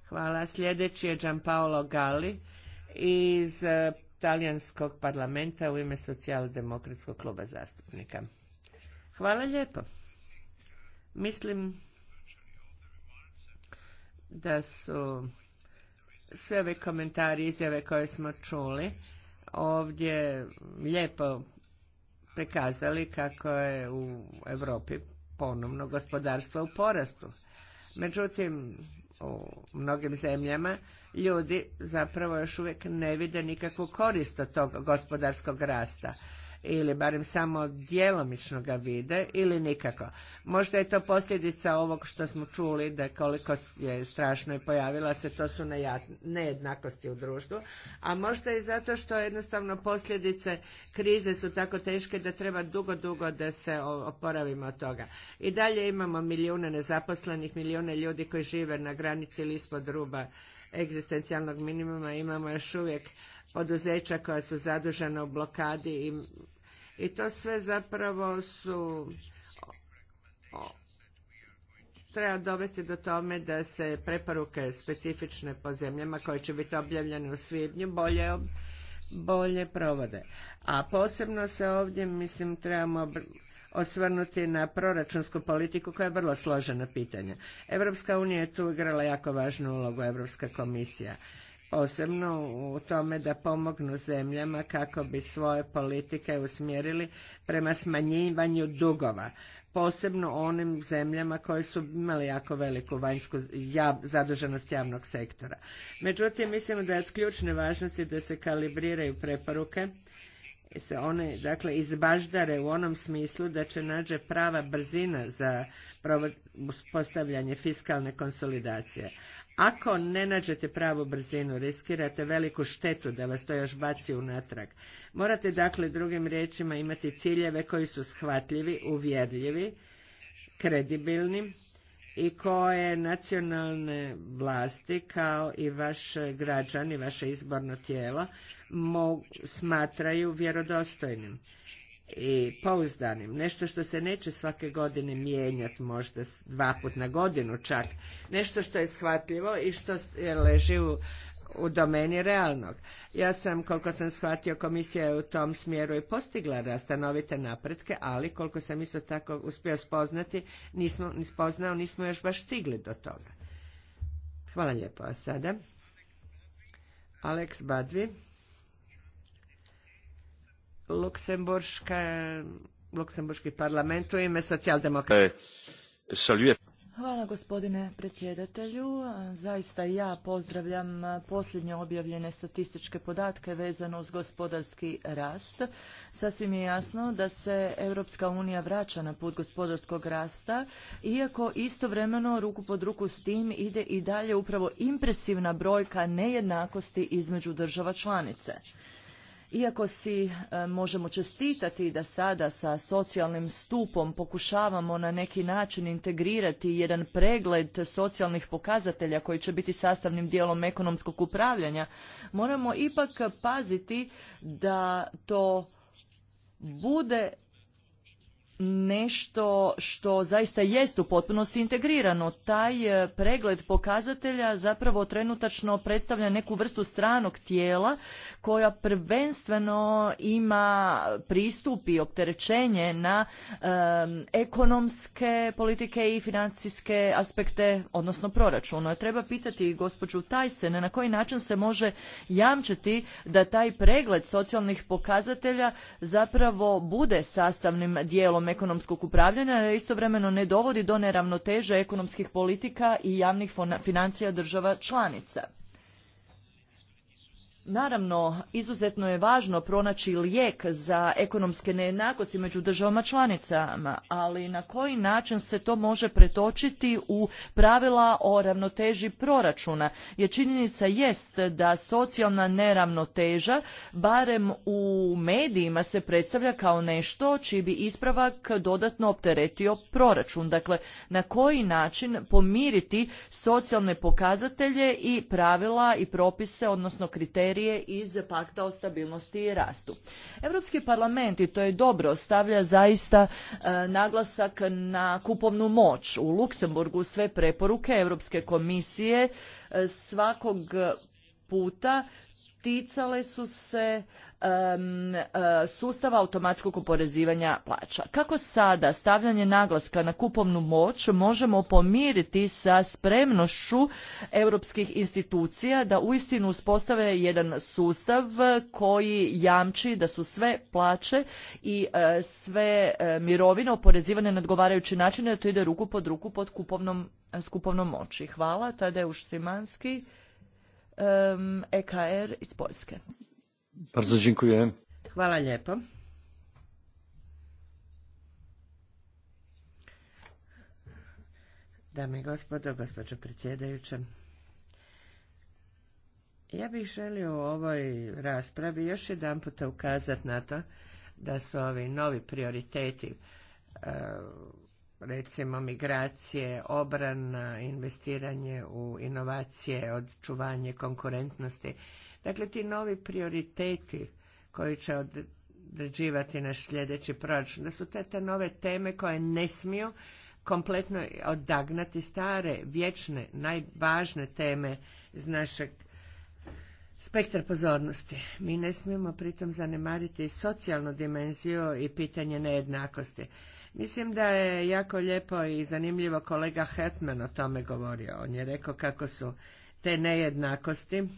Hvala. Sljedeći je Gianpaolo Galli iz e, talijanskog parlamenta u ime socijaldemokratskog kluba zastupnika. Hvala lijepo. Mislim da su sve ove komentari izjave koje smo čuli ovdje lijepo prikazali kako je u Europi ponovno gospodarstvo u porastu. Međutim, u mnogim zemljama ljudi zapravo još uvijek ne vide nikakvu korist od tog gospodarskog rasta ili barem samo djelomično ga vide ili nikako. Možda je to posljedica ovog što smo čuli da koliko je strašno i pojavila se, to su nejednakosti u društvu, a možda i zato što jednostavno posljedice krize su tako teške da treba dugo, dugo da se oporavimo od toga. I dalje imamo milijune nezaposlenih, milijune ljudi koji žive na granici ili ispod ruba egzistencijalnog minimuma, imamo još uvijek poduzeća koja su zadužena u blokadi i, to sve zapravo su treba dovesti do tome da se preporuke specifične po zemljama koje će biti objavljene u svibnju bolje, bolje provode. A posebno se ovdje, mislim, trebamo osvrnuti na proračunsku politiku koja je vrlo složena pitanja. Europska unija je tu igrala jako važnu ulogu, Evropska komisija posebno u tome da pomognu zemljama kako bi svoje politike usmjerili prema smanjivanju dugova, posebno onim zemljama koje su imale jako veliku vanjsku zaduženost javnog sektora. Međutim, mislimo da je od ključne važnosti da se kalibriraju preporuke se one dakle izbaždare u onom smislu da će nađe prava brzina za postavljanje fiskalne konsolidacije. Ako ne nađete pravu brzinu, riskirate veliku štetu da vas to još baci unatrag. Morate dakle drugim riječima imati ciljeve koji su shvatljivi, uvjerljivi, kredibilni i koje nacionalne vlasti kao i vaš građani, vaše izborno tijelo smatraju vjerodostojnim i pouzdanim, nešto što se neće svake godine mijenjati možda dva put na godinu čak, nešto što je shvatljivo i što leži u domeni realnog. Ja sam, koliko sam shvatio, komisija je u tom smjeru i postigla stanovite napretke, ali koliko sam isto tako uspio spoznati, nismo, spoznao, nismo još baš stigli do toga. Hvala lijepo. A sada, Alex Badvi. Luksemburški parlament u ime socijaldemokrata. E, Hvala gospodine predsjedatelju. Zaista ja pozdravljam posljednje objavljene statističke podatke vezano uz gospodarski rast. Sasvim je jasno da se Europska unija vraća na put gospodarskog rasta, iako istovremeno ruku pod ruku s tim ide i dalje upravo impresivna brojka nejednakosti između država članice. Iako si e, možemo čestitati da sada sa socijalnim stupom pokušavamo na neki način integrirati jedan pregled socijalnih pokazatelja koji će biti sastavnim dijelom ekonomskog upravljanja, moramo ipak paziti da to bude nešto što zaista jest u potpunosti integrirano. Taj e, pregled pokazatelja zapravo trenutačno predstavlja neku vrstu stranog tijela koja prvenstveno ima pristup i opterećenje na ekonomske politike i financijske aspekte, odnosno proračuna. Treba pitati gospođu Tajsene na koji način se može jamčiti da taj pregled socijalnih pokazatelja zapravo bude sastavnim dijelom ekonomskog upravljanja, a istovremeno ne dovodi do neravnoteže ekonomskih politika i javnih financija država članica. Naravno, izuzetno je važno pronaći lijek za ekonomske nejednakosti među državama članicama, ali na koji način se to može pretočiti u pravila o ravnoteži proračuna? Jer činjenica jest da socijalna neravnoteža, barem u medijima se predstavlja kao nešto čiji bi ispravak dodatno opteretio proračun. Dakle, na koji način pomiriti socijalne pokazatelje i pravila i propise, odnosno kriterije prije iz pakta o stabilnosti i rastu. Europski parlament, i to je dobro, stavlja zaista e, naglasak na kupovnu moć. U Luksemburgu sve preporuke Europske komisije e, svakog puta ticale su se E, sustava automatskog oporezivanja plaća. Kako sada stavljanje naglaska na kupovnu moć možemo pomiriti sa spremnošću europskih institucija da uistinu uspostave jedan sustav koji jamči da su sve plaće i e, sve e, mirovine oporezivane na odgovarajući način da to ide ruku pod ruku pod kupovnom, s kupovnom moći. Hvala, Tadeuš Simanski, EKR iz Poljske. Bardzo dziękuję. Hvala lijepo. Dame i gospodo, gospođo predsjedajuća, ja bih želio u ovoj raspravi još jedan puta ukazati na to da su ovi novi prioriteti, e, recimo migracije, obrana, investiranje u inovacije, odčuvanje konkurentnosti, Dakle, ti novi prioriteti koji će određivati naš sljedeći proračun, da su te, te nove teme koje ne smiju kompletno odagnati stare, vječne, najvažne teme iz našeg spektra pozornosti. Mi ne smijemo pritom zanemariti socijalnu dimenziju i pitanje nejednakosti. Mislim da je jako lijepo i zanimljivo kolega Hetman o tome govorio. On je rekao kako su te nejednakosti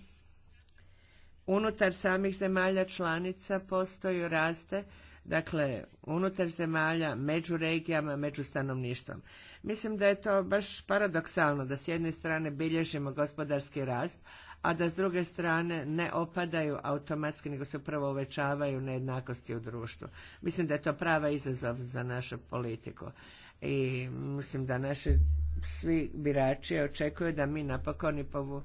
unutar samih zemalja članica postoju raste, dakle unutar zemalja, među regijama, među stanovništvom. Mislim da je to baš paradoksalno da s jedne strane bilježimo gospodarski rast, a da s druge strane ne opadaju automatski, nego se upravo uvećavaju nejednakosti u društvu. Mislim da je to prava izazov za našu politiku. I mislim da naši svi birači očekuju da mi napokon i povu,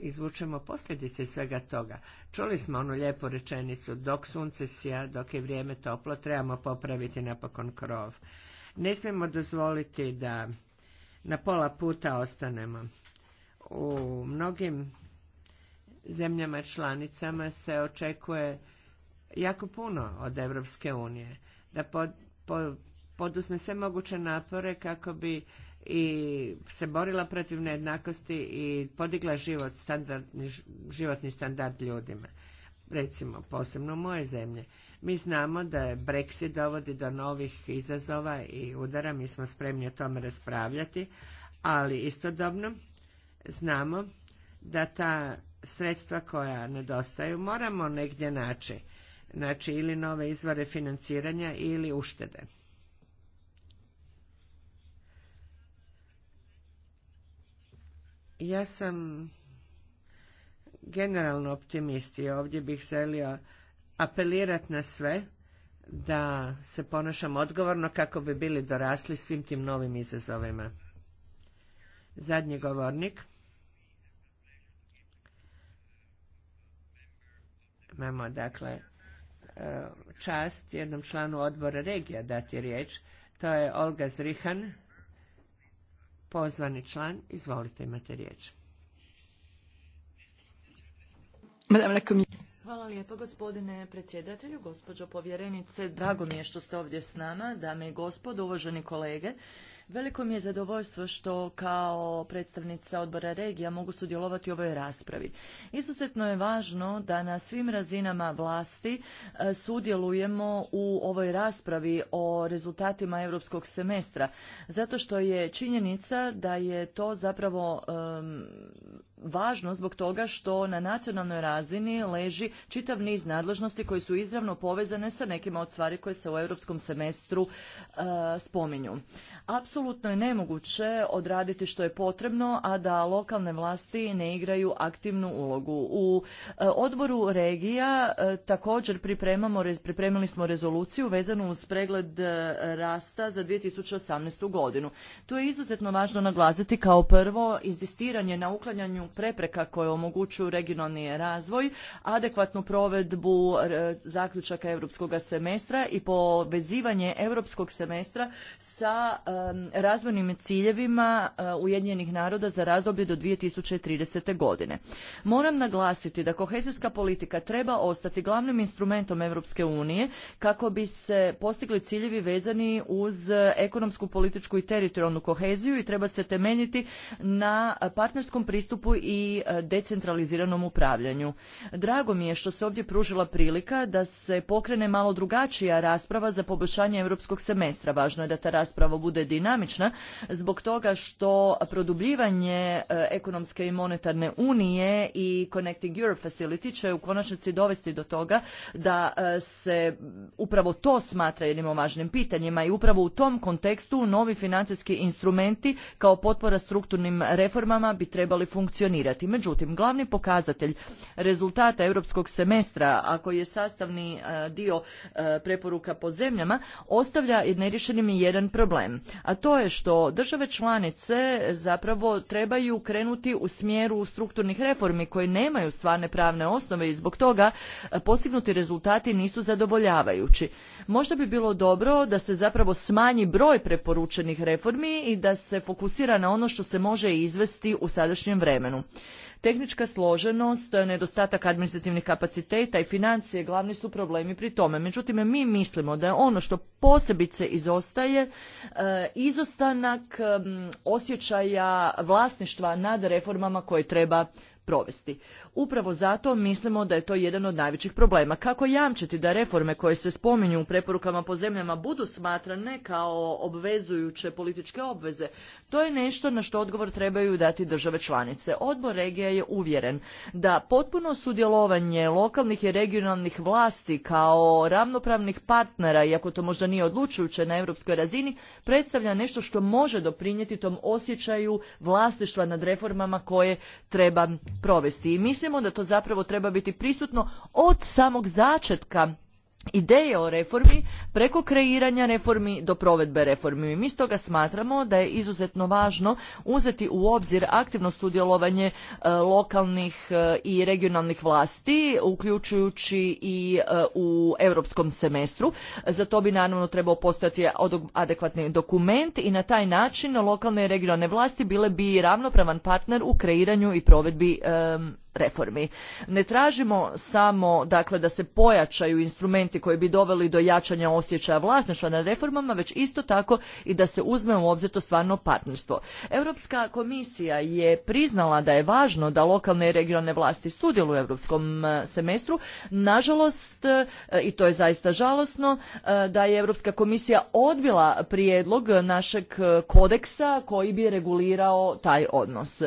izvučemo posljedice svega toga. Čuli smo onu lijepu rečenicu, dok sunce sija, dok je vrijeme toplo, trebamo popraviti napokon krov. Ne smijemo dozvoliti da na pola puta ostanemo. U mnogim zemljama članicama se očekuje jako puno od Europske unije, da poduzme sve moguće napore kako bi i se borila protiv nejednakosti i podigla život, standardni, životni standard ljudima. Recimo, posebno u moje zemlje. Mi znamo da je Brexit dovodi do novih izazova i udara, mi smo spremni o tome raspravljati, ali istodobno znamo da ta sredstva koja nedostaju moramo negdje naći. Znači ili nove izvore financiranja ili uštede. Ja sam generalno optimist i ovdje bih želio apelirati na sve da se ponašamo odgovorno kako bi bili dorasli svim tim novim izazovima. Zadnji govornik. Imamo dakle e, čast jednom članu odbora regija dati riječ. To je Olga Zrihan pozvani član. Izvolite, imate riječ. Hvala lijepo, gospodine predsjedatelju, gospođo povjerenice. Drago mi je što ste ovdje s nama, dame i gospodo, uvaženi kolege. Veliko mi je zadovoljstvo što kao predstavnica odbora regija mogu sudjelovati u ovoj raspravi. Izuzetno je važno da na svim razinama vlasti e, sudjelujemo u ovoj raspravi o rezultatima europskog semestra, zato što je činjenica da je to zapravo važno zbog toga što na nacionalnoj razini leži čitav niz nadležnosti koji su izravno povezane sa nekima od stvari koje se u europskom semestru e, spominju. Apsolutno je nemoguće odraditi što je potrebno, a da lokalne vlasti ne igraju aktivnu ulogu. U e, odboru regija e, također pripremamo, pripremili smo rezoluciju vezanu uz pregled e, rasta za 2018. godinu. Tu je izuzetno važno naglasiti kao prvo inzistiranje na uklanjanju prepreka koje omogućuju regionalni razvoj, adekvatnu provedbu zaključaka europskog semestra i povezivanje europskog semestra sa Um, razvojnim ciljevima uh, Ujedinjenih naroda za razdoblje do 2030. godine. Moram naglasiti da kohezijska politika treba ostati glavnim instrumentom Europske unije kako bi se postigli ciljevi vezani uz ekonomsku, političku i teritorijalnu koheziju i treba se temeljiti na partnerskom pristupu i uh, decentraliziranom upravljanju. Drago mi je što se ovdje pružila prilika da se pokrene malo drugačija rasprava za poboljšanje europskog semestra. Važno je da ta rasprava bude dinamična zbog toga što produbljivanje e, ekonomske i monetarne unije i Connecting Europe Facility će u konačnici dovesti do toga da e, se upravo to smatra jednim važnim pitanjima i upravo u tom kontekstu novi financijski instrumenti kao potpora strukturnim reformama bi trebali funkcionirati. Međutim, glavni pokazatelj rezultata europskog semestra, ako je sastavni e, dio preporuka po zemljama, ostavlja neriješenim jedan problem a to je što države članice zapravo trebaju krenuti u smjeru strukturnih reformi koje nemaju stvarne pravne osnove i zbog toga e, postignuti rezultati nisu zadovoljavajući. Možda bi bilo dobro da se zapravo smanji broj preporučenih reformi i da se fokusira na ono što se može izvesti u sadašnjem vremenu. Tehnička složenost, nedostatak administrativnih kapaciteta i financije glavni su problemi pri tome. Međutim, mi mislimo da je ono što posebice izostaje e, izostanak osjećaja vlasništva nad reformama koje treba provesti. Upravo zato mislimo da je to jedan od najvećih problema. Kako jamčiti da reforme koje se spominju u preporukama po zemljama budu smatrane kao obvezujuće političke obveze? To je nešto na što odgovor trebaju dati države članice. Odbor regija je uvjeren da potpuno sudjelovanje lokalnih i regionalnih vlasti kao ravnopravnih partnera, iako to možda nije odlučujuće na europskoj razini, predstavlja nešto što može doprinijeti tom osjećaju vlasništva nad reformama koje treba provesti. I mislimo da to zapravo treba biti prisutno od samog začetka ideje o reformi preko kreiranja reformi do provedbe reformi. Mi stoga smatramo da je izuzetno važno uzeti u obzir aktivno sudjelovanje e, lokalnih e, i regionalnih vlasti, uključujući i e, u europskom semestru. Za to bi naravno trebao postojati adekvatni dokument i na taj način lokalne i regionalne vlasti bile bi ravnopravan partner u kreiranju i provedbi reformi. Ne tražimo samo dakle da se pojačaju instrumenti koji bi doveli do jačanja osjećaja vlasništva na reformama, već isto tako i da se uzme u obzir to stvarno partnerstvo. Europska komisija je priznala da je važno da lokalne i regionalne vlasti sudjeluju u europskom e, semestru. Nažalost, e, i to je zaista žalosno, e, da je Europska komisija odbila prijedlog našeg kodeksa koji bi regulirao taj odnos.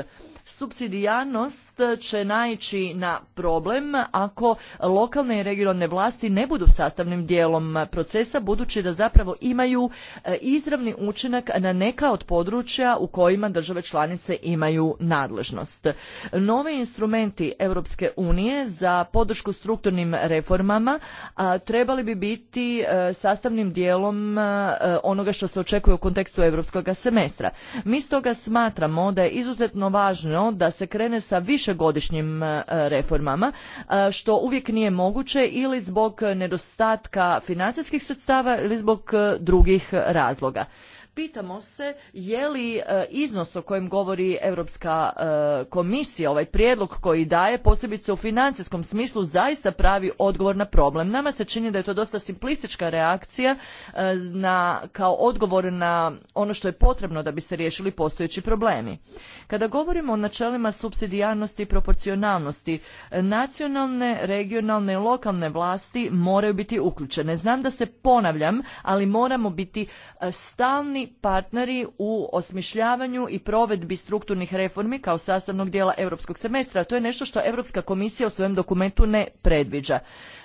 Subsidijarnost će naići na problem ako lokalne i regionalne vlasti ne budu sastavnim dijelom procesa budući da zapravo imaju e, izravni učinak na neka od područja u kojima države članice imaju nadležnost. Novi instrumenti Europske unije za podršku strukturnim reformama trebali bi biti e, sastavnim dijelom e, onoga što se očekuje u kontekstu europskog semestra. Mi stoga smatramo da je izuzetno važno da se krene sa više godišnjim e, reformama, e, što uvijek nije moguće ili zbog nedostatka financijskih sredstava ili zbog e, drugih razloga. Pitamo se je li e, iznos o kojem govori Europska e, komisija, ovaj prijedlog koji daje, posebice u financijskom smislu, zaista pravi odgovor na problem. Nama se čini da je to dosta simplistička reakcija e, na, kao odgovor na ono što je potrebno da bi se riješili postojeći problemi. Kada govorimo o načelima supsidijarnosti i proporcionalnosti, nacionalne, regionalne i lokalne vlasti moraju biti uključene. Znam da se ponavljam, ali moramo biti stalni partneri u osmišljavanju i provedbi strukturnih reformi kao sastavnog dijela europskog semestra. To je nešto što Europska komisija u svojem dokumentu ne predviđa.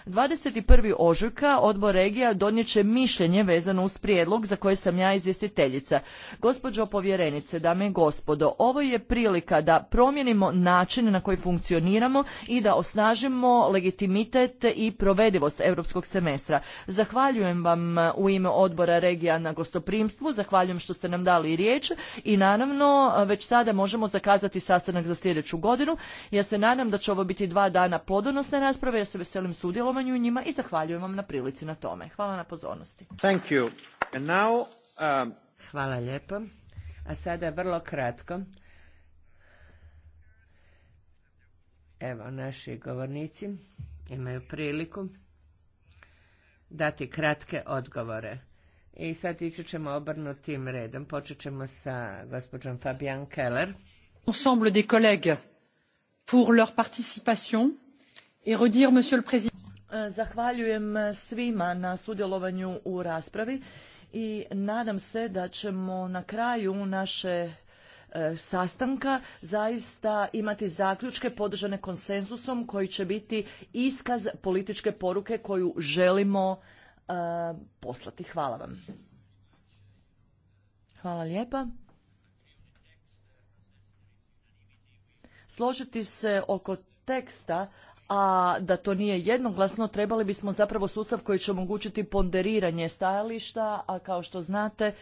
21. ožujka odbor regija donijet mišljenje vezano uz prijedlog za koje sam ja izvjestiteljica. Gospođo povjerenice, dame i gospodo, ovo je prilika da promijenimo način na koji funkcioniramo i da osnažimo legitimitet i provedivost europskog semestra. Zahvaljujem vam u ime odbora regija na gostoprimstvu, zahvaljujem što ste nam dali riječ i naravno već sada možemo zakazati sastanak za sljedeću godinu. Ja se nadam da će ovo biti dva dana plodonosne rasprave, ja se veselim sudjelo sudjelovanju njima i zahvaljujem vam na prilici na tome. Hvala na pozornosti. Thank you. And now, um, Hvala lijepo. A sada vrlo kratko. Evo, naši govornici imaju priliku dati kratke odgovore. I sad ići ćemo obrnutim redom. Počet ćemo sa gospođom Fabian Keller. Ensemble des collègues pour leur participation et redire, monsieur le E, zahvaljujem svima na sudjelovanju u raspravi i nadam se da ćemo na kraju naše e, sastanka zaista imati zaključke podržane konsenzusom koji će biti iskaz političke poruke koju želimo e, poslati. Hvala vam. Hvala lijepa. Složiti se oko teksta a da to nije jednoglasno, trebali bismo zapravo sustav koji će omogućiti ponderiranje stajališta, a kao što znate,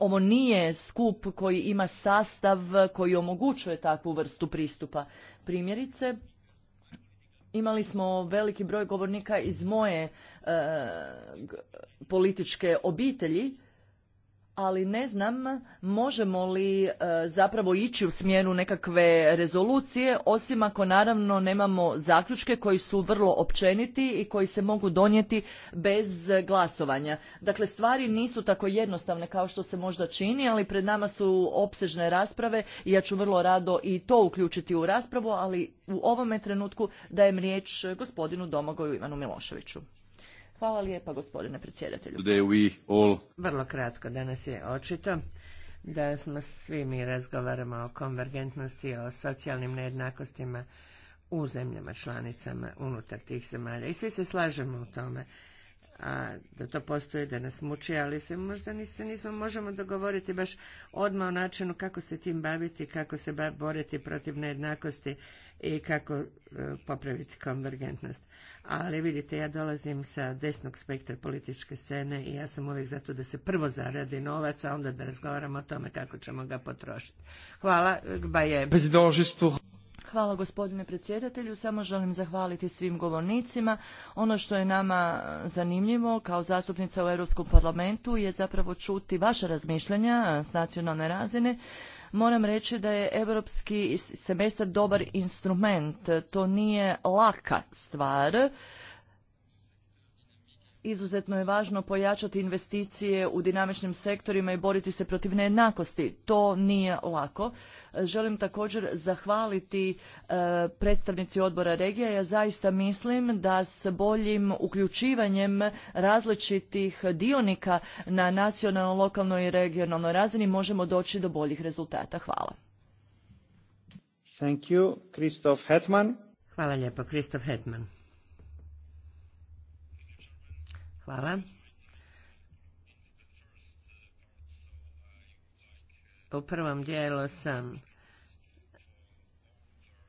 ovo nije skup koji ima sastav koji omogućuje takvu vrstu pristupa. Primjerice, imali smo veliki broj govornika iz moje eh, političke obitelji, ali ne znam možemo li e, zapravo ići u smjeru nekakve rezolucije osim ako naravno nemamo zaključke koji su vrlo općeniti i koji se mogu donijeti bez glasovanja. Dakle stvari nisu tako jednostavne kao što se možda čini, ali pred nama su opsežne rasprave i ja ću vrlo rado i to uključiti u raspravu, ali u ovome trenutku dajem riječ gospodinu Domagoju Ivanu Miloševiću. Hvala lijepa gospodine predsjedatelju. Vrlo kratko, danas je očito da smo svi mi razgovaramo o konvergentnosti, o socijalnim nejednakostima u zemljama članicama unutar tih zemalja i svi se slažemo u tome a da to postoji, da nas muči, ali se možda nisi, nismo možemo dogovoriti baš odmah o načinu kako se tim baviti, kako se ba boriti protiv nejednakosti i kako e, popraviti konvergentnost. Ali vidite, ja dolazim sa desnog spektra političke scene i ja sam uvijek za to da se prvo zaradi novac, a onda da razgovaramo o tome kako ćemo ga potrošiti. Hvala, je... Baje. E. Hvala gospodine predsjedatelju, samo želim zahvaliti svim govornicima. Ono što je nama zanimljivo kao zastupnica u Europskom parlamentu je zapravo čuti vaše razmišljanja s nacionalne razine. Moram reći da je europski semestar dobar instrument, to nije laka stvar Izuzetno je važno pojačati investicije u dinamičnim sektorima i boriti se protiv nejednakosti. To nije lako. Želim također zahvaliti e, predstavnici odbora regija. Ja zaista mislim da s boljim uključivanjem različitih dionika na nacionalno, lokalnoj i regionalnoj razini možemo doći do boljih rezultata. Hvala. Thank Hvala lijepo. Kristof Hetman. Hvala. U prvom dijelu sam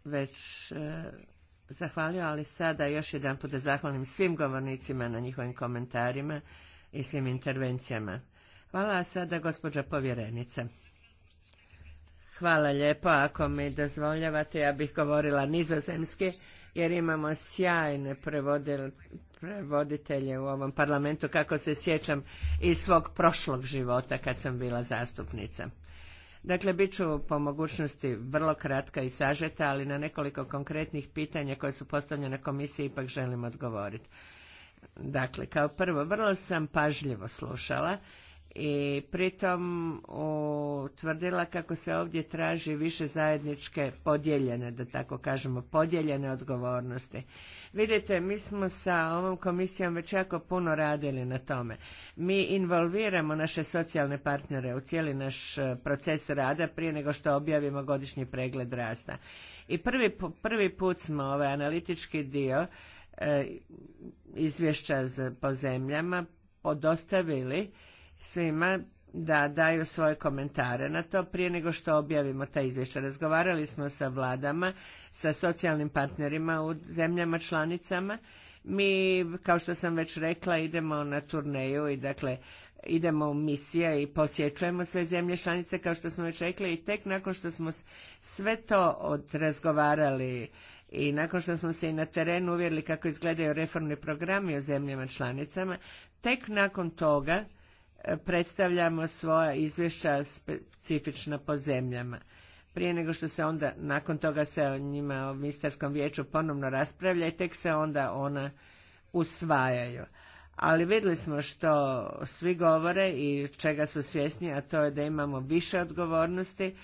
već e, zahvalio, ali sada još jedan put da zahvalim svim govornicima na njihovim komentarima i svim intervencijama. Hvala sada gospođa povjerenica. Hvala lijepo. Ako mi dozvoljavate, ja bih govorila nizozemski, jer imamo sjajne prevoditelje u ovom parlamentu, kako se sjećam iz svog prošlog života kad sam bila zastupnica. Dakle, bit ću po mogućnosti vrlo kratka i sažeta, ali na nekoliko konkretnih pitanja koje su postavljene komisiji ipak želim odgovoriti. Dakle, kao prvo, vrlo sam pažljivo slušala i pritom utvrdila kako se ovdje traži više zajedničke podijeljene, da tako kažemo, podijeljene odgovornosti. Vidite, mi smo sa ovom komisijom već jako puno radili na tome. Mi involviramo naše socijalne partnere u cijeli naš e, proces rada prije nego što objavimo godišnji pregled rasta. I prvi, prvi put smo ovaj analitički dio e, izvješća po zemljama podostavili svima da daju svoje komentare na to prije nego što objavimo ta izvješća. Razgovarali smo sa vladama, sa socijalnim partnerima u zemljama članicama. Mi, kao što sam već rekla, idemo na turneju i dakle idemo u misije i posjećujemo sve zemlje članice, kao što smo već rekli, i tek nakon što smo sve to odrazgovarali i nakon što smo se i na terenu uvjerili kako izgledaju reformni programi o zemljama članicama, tek nakon toga predstavljamo svoja izvješća specifična po zemljama. Prije nego što se onda, nakon toga se o njima, o ministarskom vijeću ponovno raspravlja i tek se onda ona usvajaju. Ali vidjeli smo što svi govore i čega su svjesni, a to je da imamo više odgovornosti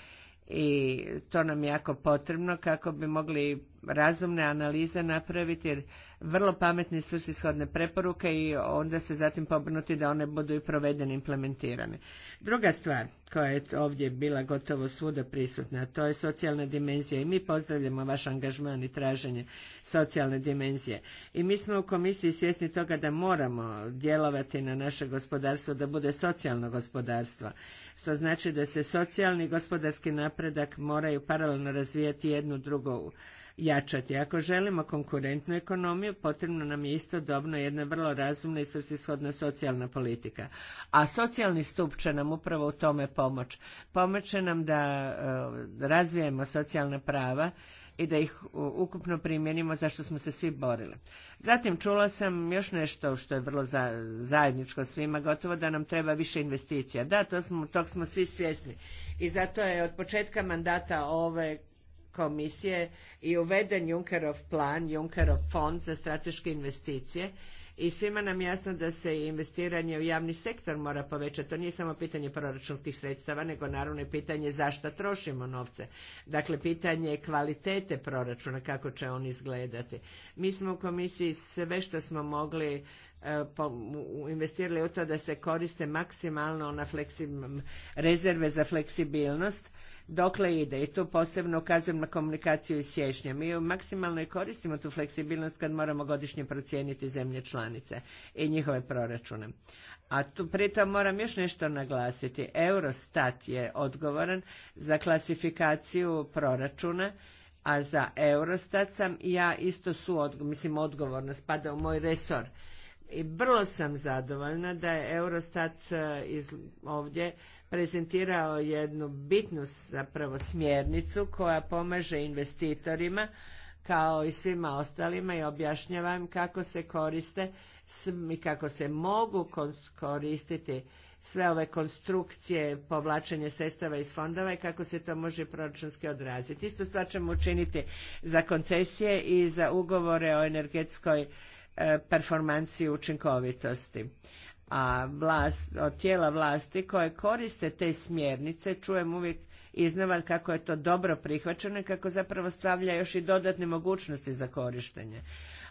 i to nam je jako potrebno kako bi mogli razumne analize napraviti jer vrlo pametni i ishodne preporuke i onda se zatim pobrnuti da one budu i provedene implementirane. Druga stvar koja je ovdje bila gotovo svuda prisutna, to je socijalna dimenzija i mi pozdravljamo vaš angažman i traženje socijalne dimenzije. I mi smo u komisiji svjesni toga da moramo djelovati na naše gospodarstvo da bude socijalno gospodarstvo, što znači da se socijalni i gospodarski napredak moraju paralelno razvijati jednu drugu jačati. Ako želimo konkurentnu ekonomiju, potrebno nam je istodobno jedna vrlo razumna i svrsishodna socijalna politika. A socijalni stup će nam upravo u tome pomoć. Pomoć će nam da e, razvijemo socijalna prava i da ih ukupno primijenimo za što smo se svi borili. Zatim čula sam još nešto što je vrlo zajedničko svima, gotovo da nam treba više investicija. Da, smo, tog smo svi svjesni. I zato je od početka mandata ove komisije i uveden Junkerov plan, Junckerov fond za strateške investicije i svima nam jasno da se investiranje u javni sektor mora povećati. To nije samo pitanje proračunskih sredstava, nego naravno i pitanje zašto trošimo novce. Dakle, pitanje je kvalitete proračuna, kako će on izgledati. Mi smo u komisiji sve što smo mogli e, investirali u to da se koriste maksimalno ona rezerve za fleksibilnost dokle ide i tu posebno ukazujem na komunikaciju i siječnja. Mi maksimalno i koristimo tu fleksibilnost kad moramo godišnje procijeniti zemlje članice i njihove proračune. A tu pritom moram još nešto naglasiti. Eurostat je odgovoran za klasifikaciju proračuna a za Eurostat sam ja isto su, mislim, odgovorna, spada u moj resor i vrlo sam zadovoljna da je Eurostat e, iz, ovdje prezentirao jednu bitnu zapravo smjernicu koja pomaže investitorima kao i svima ostalima i objašnjavam kako se koriste i kako se mogu koristiti sve ove konstrukcije povlačenje sredstava iz fondova i kako se to može proračunski odraziti. Isto stvar ćemo učiniti za koncesije i za ugovore o energetskoj E, performanciju učinkovitosti. A vlast, od tijela vlasti koje koriste te smjernice čujem uvijek iznova kako je to dobro prihvaćeno i kako zapravo stavlja još i dodatne mogućnosti za korištenje.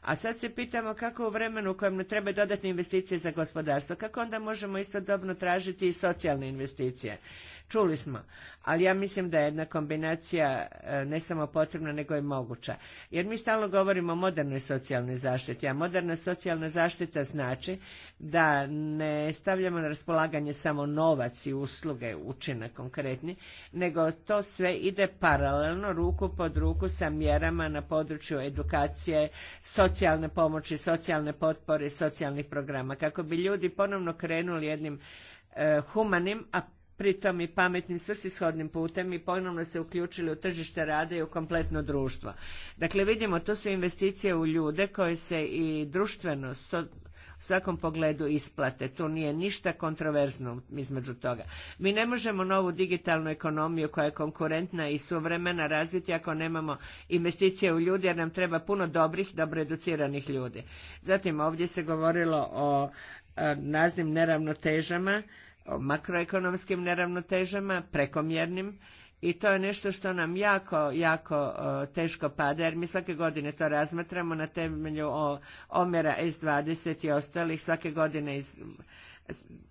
A sad se pitamo kako u vremenu u kojem ne treba dodatne investicije za gospodarstvo, kako onda možemo istodobno tražiti i socijalne investicije. Čuli smo, ali ja mislim da je jedna kombinacija e, ne samo potrebna, nego i moguća. Jer mi stalno govorimo o modernoj socijalnoj zaštiti, a moderna socijalna zaštita znači da ne stavljamo na raspolaganje samo novac i usluge, učine konkretni, nego to sve ide paralelno ruku pod ruku sa mjerama na području edukacije, socijalne pomoći, socijalne potpore, socijalnih programa, kako bi ljudi ponovno krenuli jednim e, humanim, a pritom i pametnim svrsishodnim putem i ponovno se uključili u tržište rada i u kompletno društvo. Dakle, vidimo, to su investicije u ljude koje se i društveno, u svakom pogledu isplate. Tu nije ništa kontroverzno između toga. Mi ne možemo novu digitalnu ekonomiju koja je konkurentna i suvremena razviti ako nemamo investicije u ljude jer nam treba puno dobrih, dobro educiranih ljudi. Zatim ovdje se govorilo o, o e, naznim neravnotežama o makroekonomskim neravnotežama, prekomjernim i to je nešto što nam jako, jako teško pada jer mi svake godine to razmatramo na temelju omjera S20 i ostalih, svake godine iz,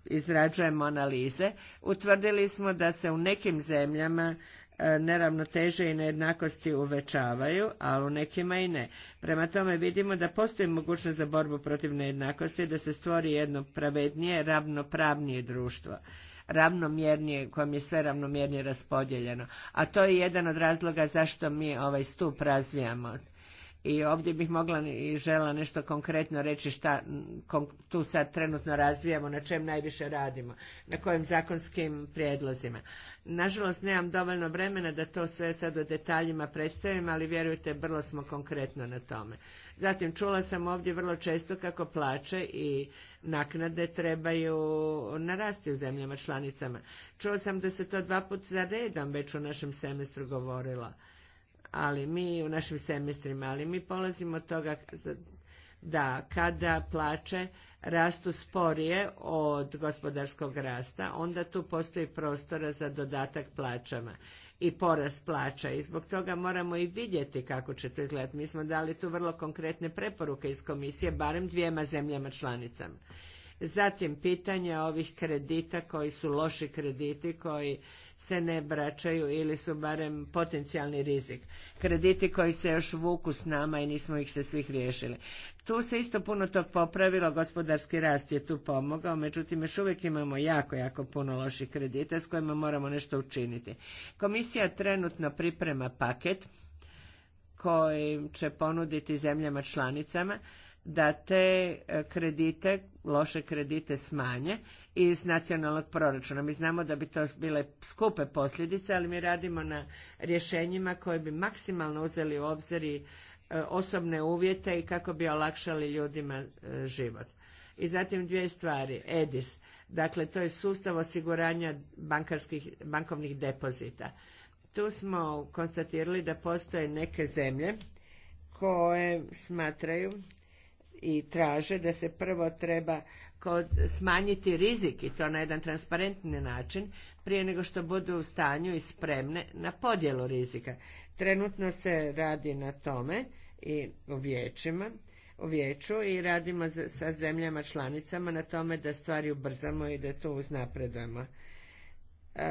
izrađujemo analize. Utvrdili smo da se u nekim zemljama E, neravnoteže i nejednakosti uvećavaju, ali u nekima i ne. Prema tome vidimo da postoji mogućnost za borbu protiv nejednakosti da se stvori jedno pravednije, ravnopravnije društvo ravnomjernije, kojem je sve ravnomjernije raspodijeljeno. A to je jedan od razloga zašto mi ovaj stup razvijamo i ovdje bih mogla i žela nešto konkretno reći šta tu sad trenutno razvijamo, na čem najviše radimo, na kojim zakonskim prijedlozima. Nažalost, nemam dovoljno vremena da to sve sad u detaljima predstavim, ali vjerujte, vrlo smo konkretno na tome. Zatim, čula sam ovdje vrlo često kako plaće i naknade trebaju narasti u zemljama članicama. Čula sam da se to dva put za redom već u našem semestru govorilo ali mi u našim semestrima, ali mi polazimo od toga da kada plaće rastu sporije od gospodarskog rasta, onda tu postoji prostora za dodatak plaćama i porast plaća i zbog toga moramo i vidjeti kako će to izgledati. Mi smo dali tu vrlo konkretne preporuke iz komisije, barem dvijema zemljama članicama. Zatim pitanje ovih kredita koji su loši krediti, koji se ne vraćaju ili su barem potencijalni rizik. Krediti koji se još vuku s nama i nismo ih se svih riješili. Tu se isto puno to popravilo, gospodarski rast je tu pomogao, međutim još uvijek imamo jako, jako puno loših kredita s kojima moramo nešto učiniti. Komisija trenutno priprema paket koji će ponuditi zemljama članicama da te e, kredite, loše kredite smanje iz nacionalnog proračuna. Mi znamo da bi to bile skupe posljedice, ali mi radimo na rješenjima koje bi maksimalno uzeli u obzir i e, osobne uvjete i kako bi olakšali ljudima e, život. I zatim dvije stvari. EDIS, dakle to je sustav osiguranja bankarskih, bankovnih depozita. Tu smo konstatirali da postoje neke zemlje koje smatraju i traže da se prvo treba kod, smanjiti rizik i to na jedan transparentni način prije nego što budu u stanju i spremne na podjelu rizika. Trenutno se radi na tome i u vijećima, vijeću i radimo sa zemljama članicama na tome da stvari ubrzamo i da to uznapredujemo.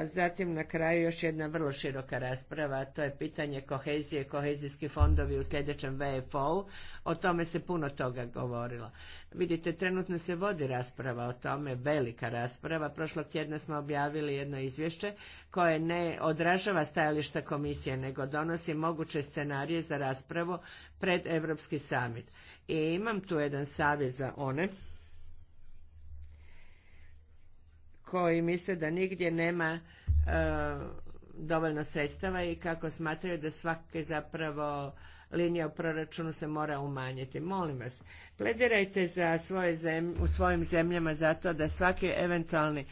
Zatim na kraju još jedna vrlo široka rasprava, a to je pitanje kohezije kohezijski fondovi u sljedećem VFO-u. O tome se puno toga govorilo. Vidite, trenutno se vodi rasprava o tome, velika rasprava. Prošlog tjedna smo objavili jedno izvješće koje ne odražava stajališta komisije, nego donosi moguće scenarije za raspravu pred Europski samit. I imam tu jedan savjet za one koji misle da nigdje nema e, dovoljno sredstava i kako smatraju da svake zapravo linija u proračunu se mora umanjiti. Molim vas, pledirajte za svoje zemlje, u svojim zemljama zato da svaki eventualni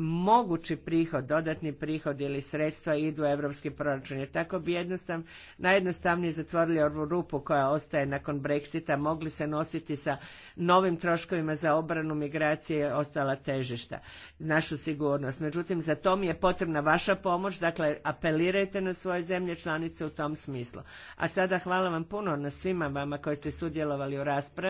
mogući prihod, dodatni prihod ili sredstva idu u evropski proračun. Jer tako bi jednostav, najjednostavnije zatvorili ovu rupu koja ostaje nakon Brexita, mogli se nositi sa novim troškovima za obranu migracije ostala težišta, našu sigurnost. Međutim, za to mi je potrebna vaša pomoć, dakle apelirajte na svoje zemlje članice u tom smislu. A sada hvala vam puno na svima vama koji ste sudjelovali u raspravi.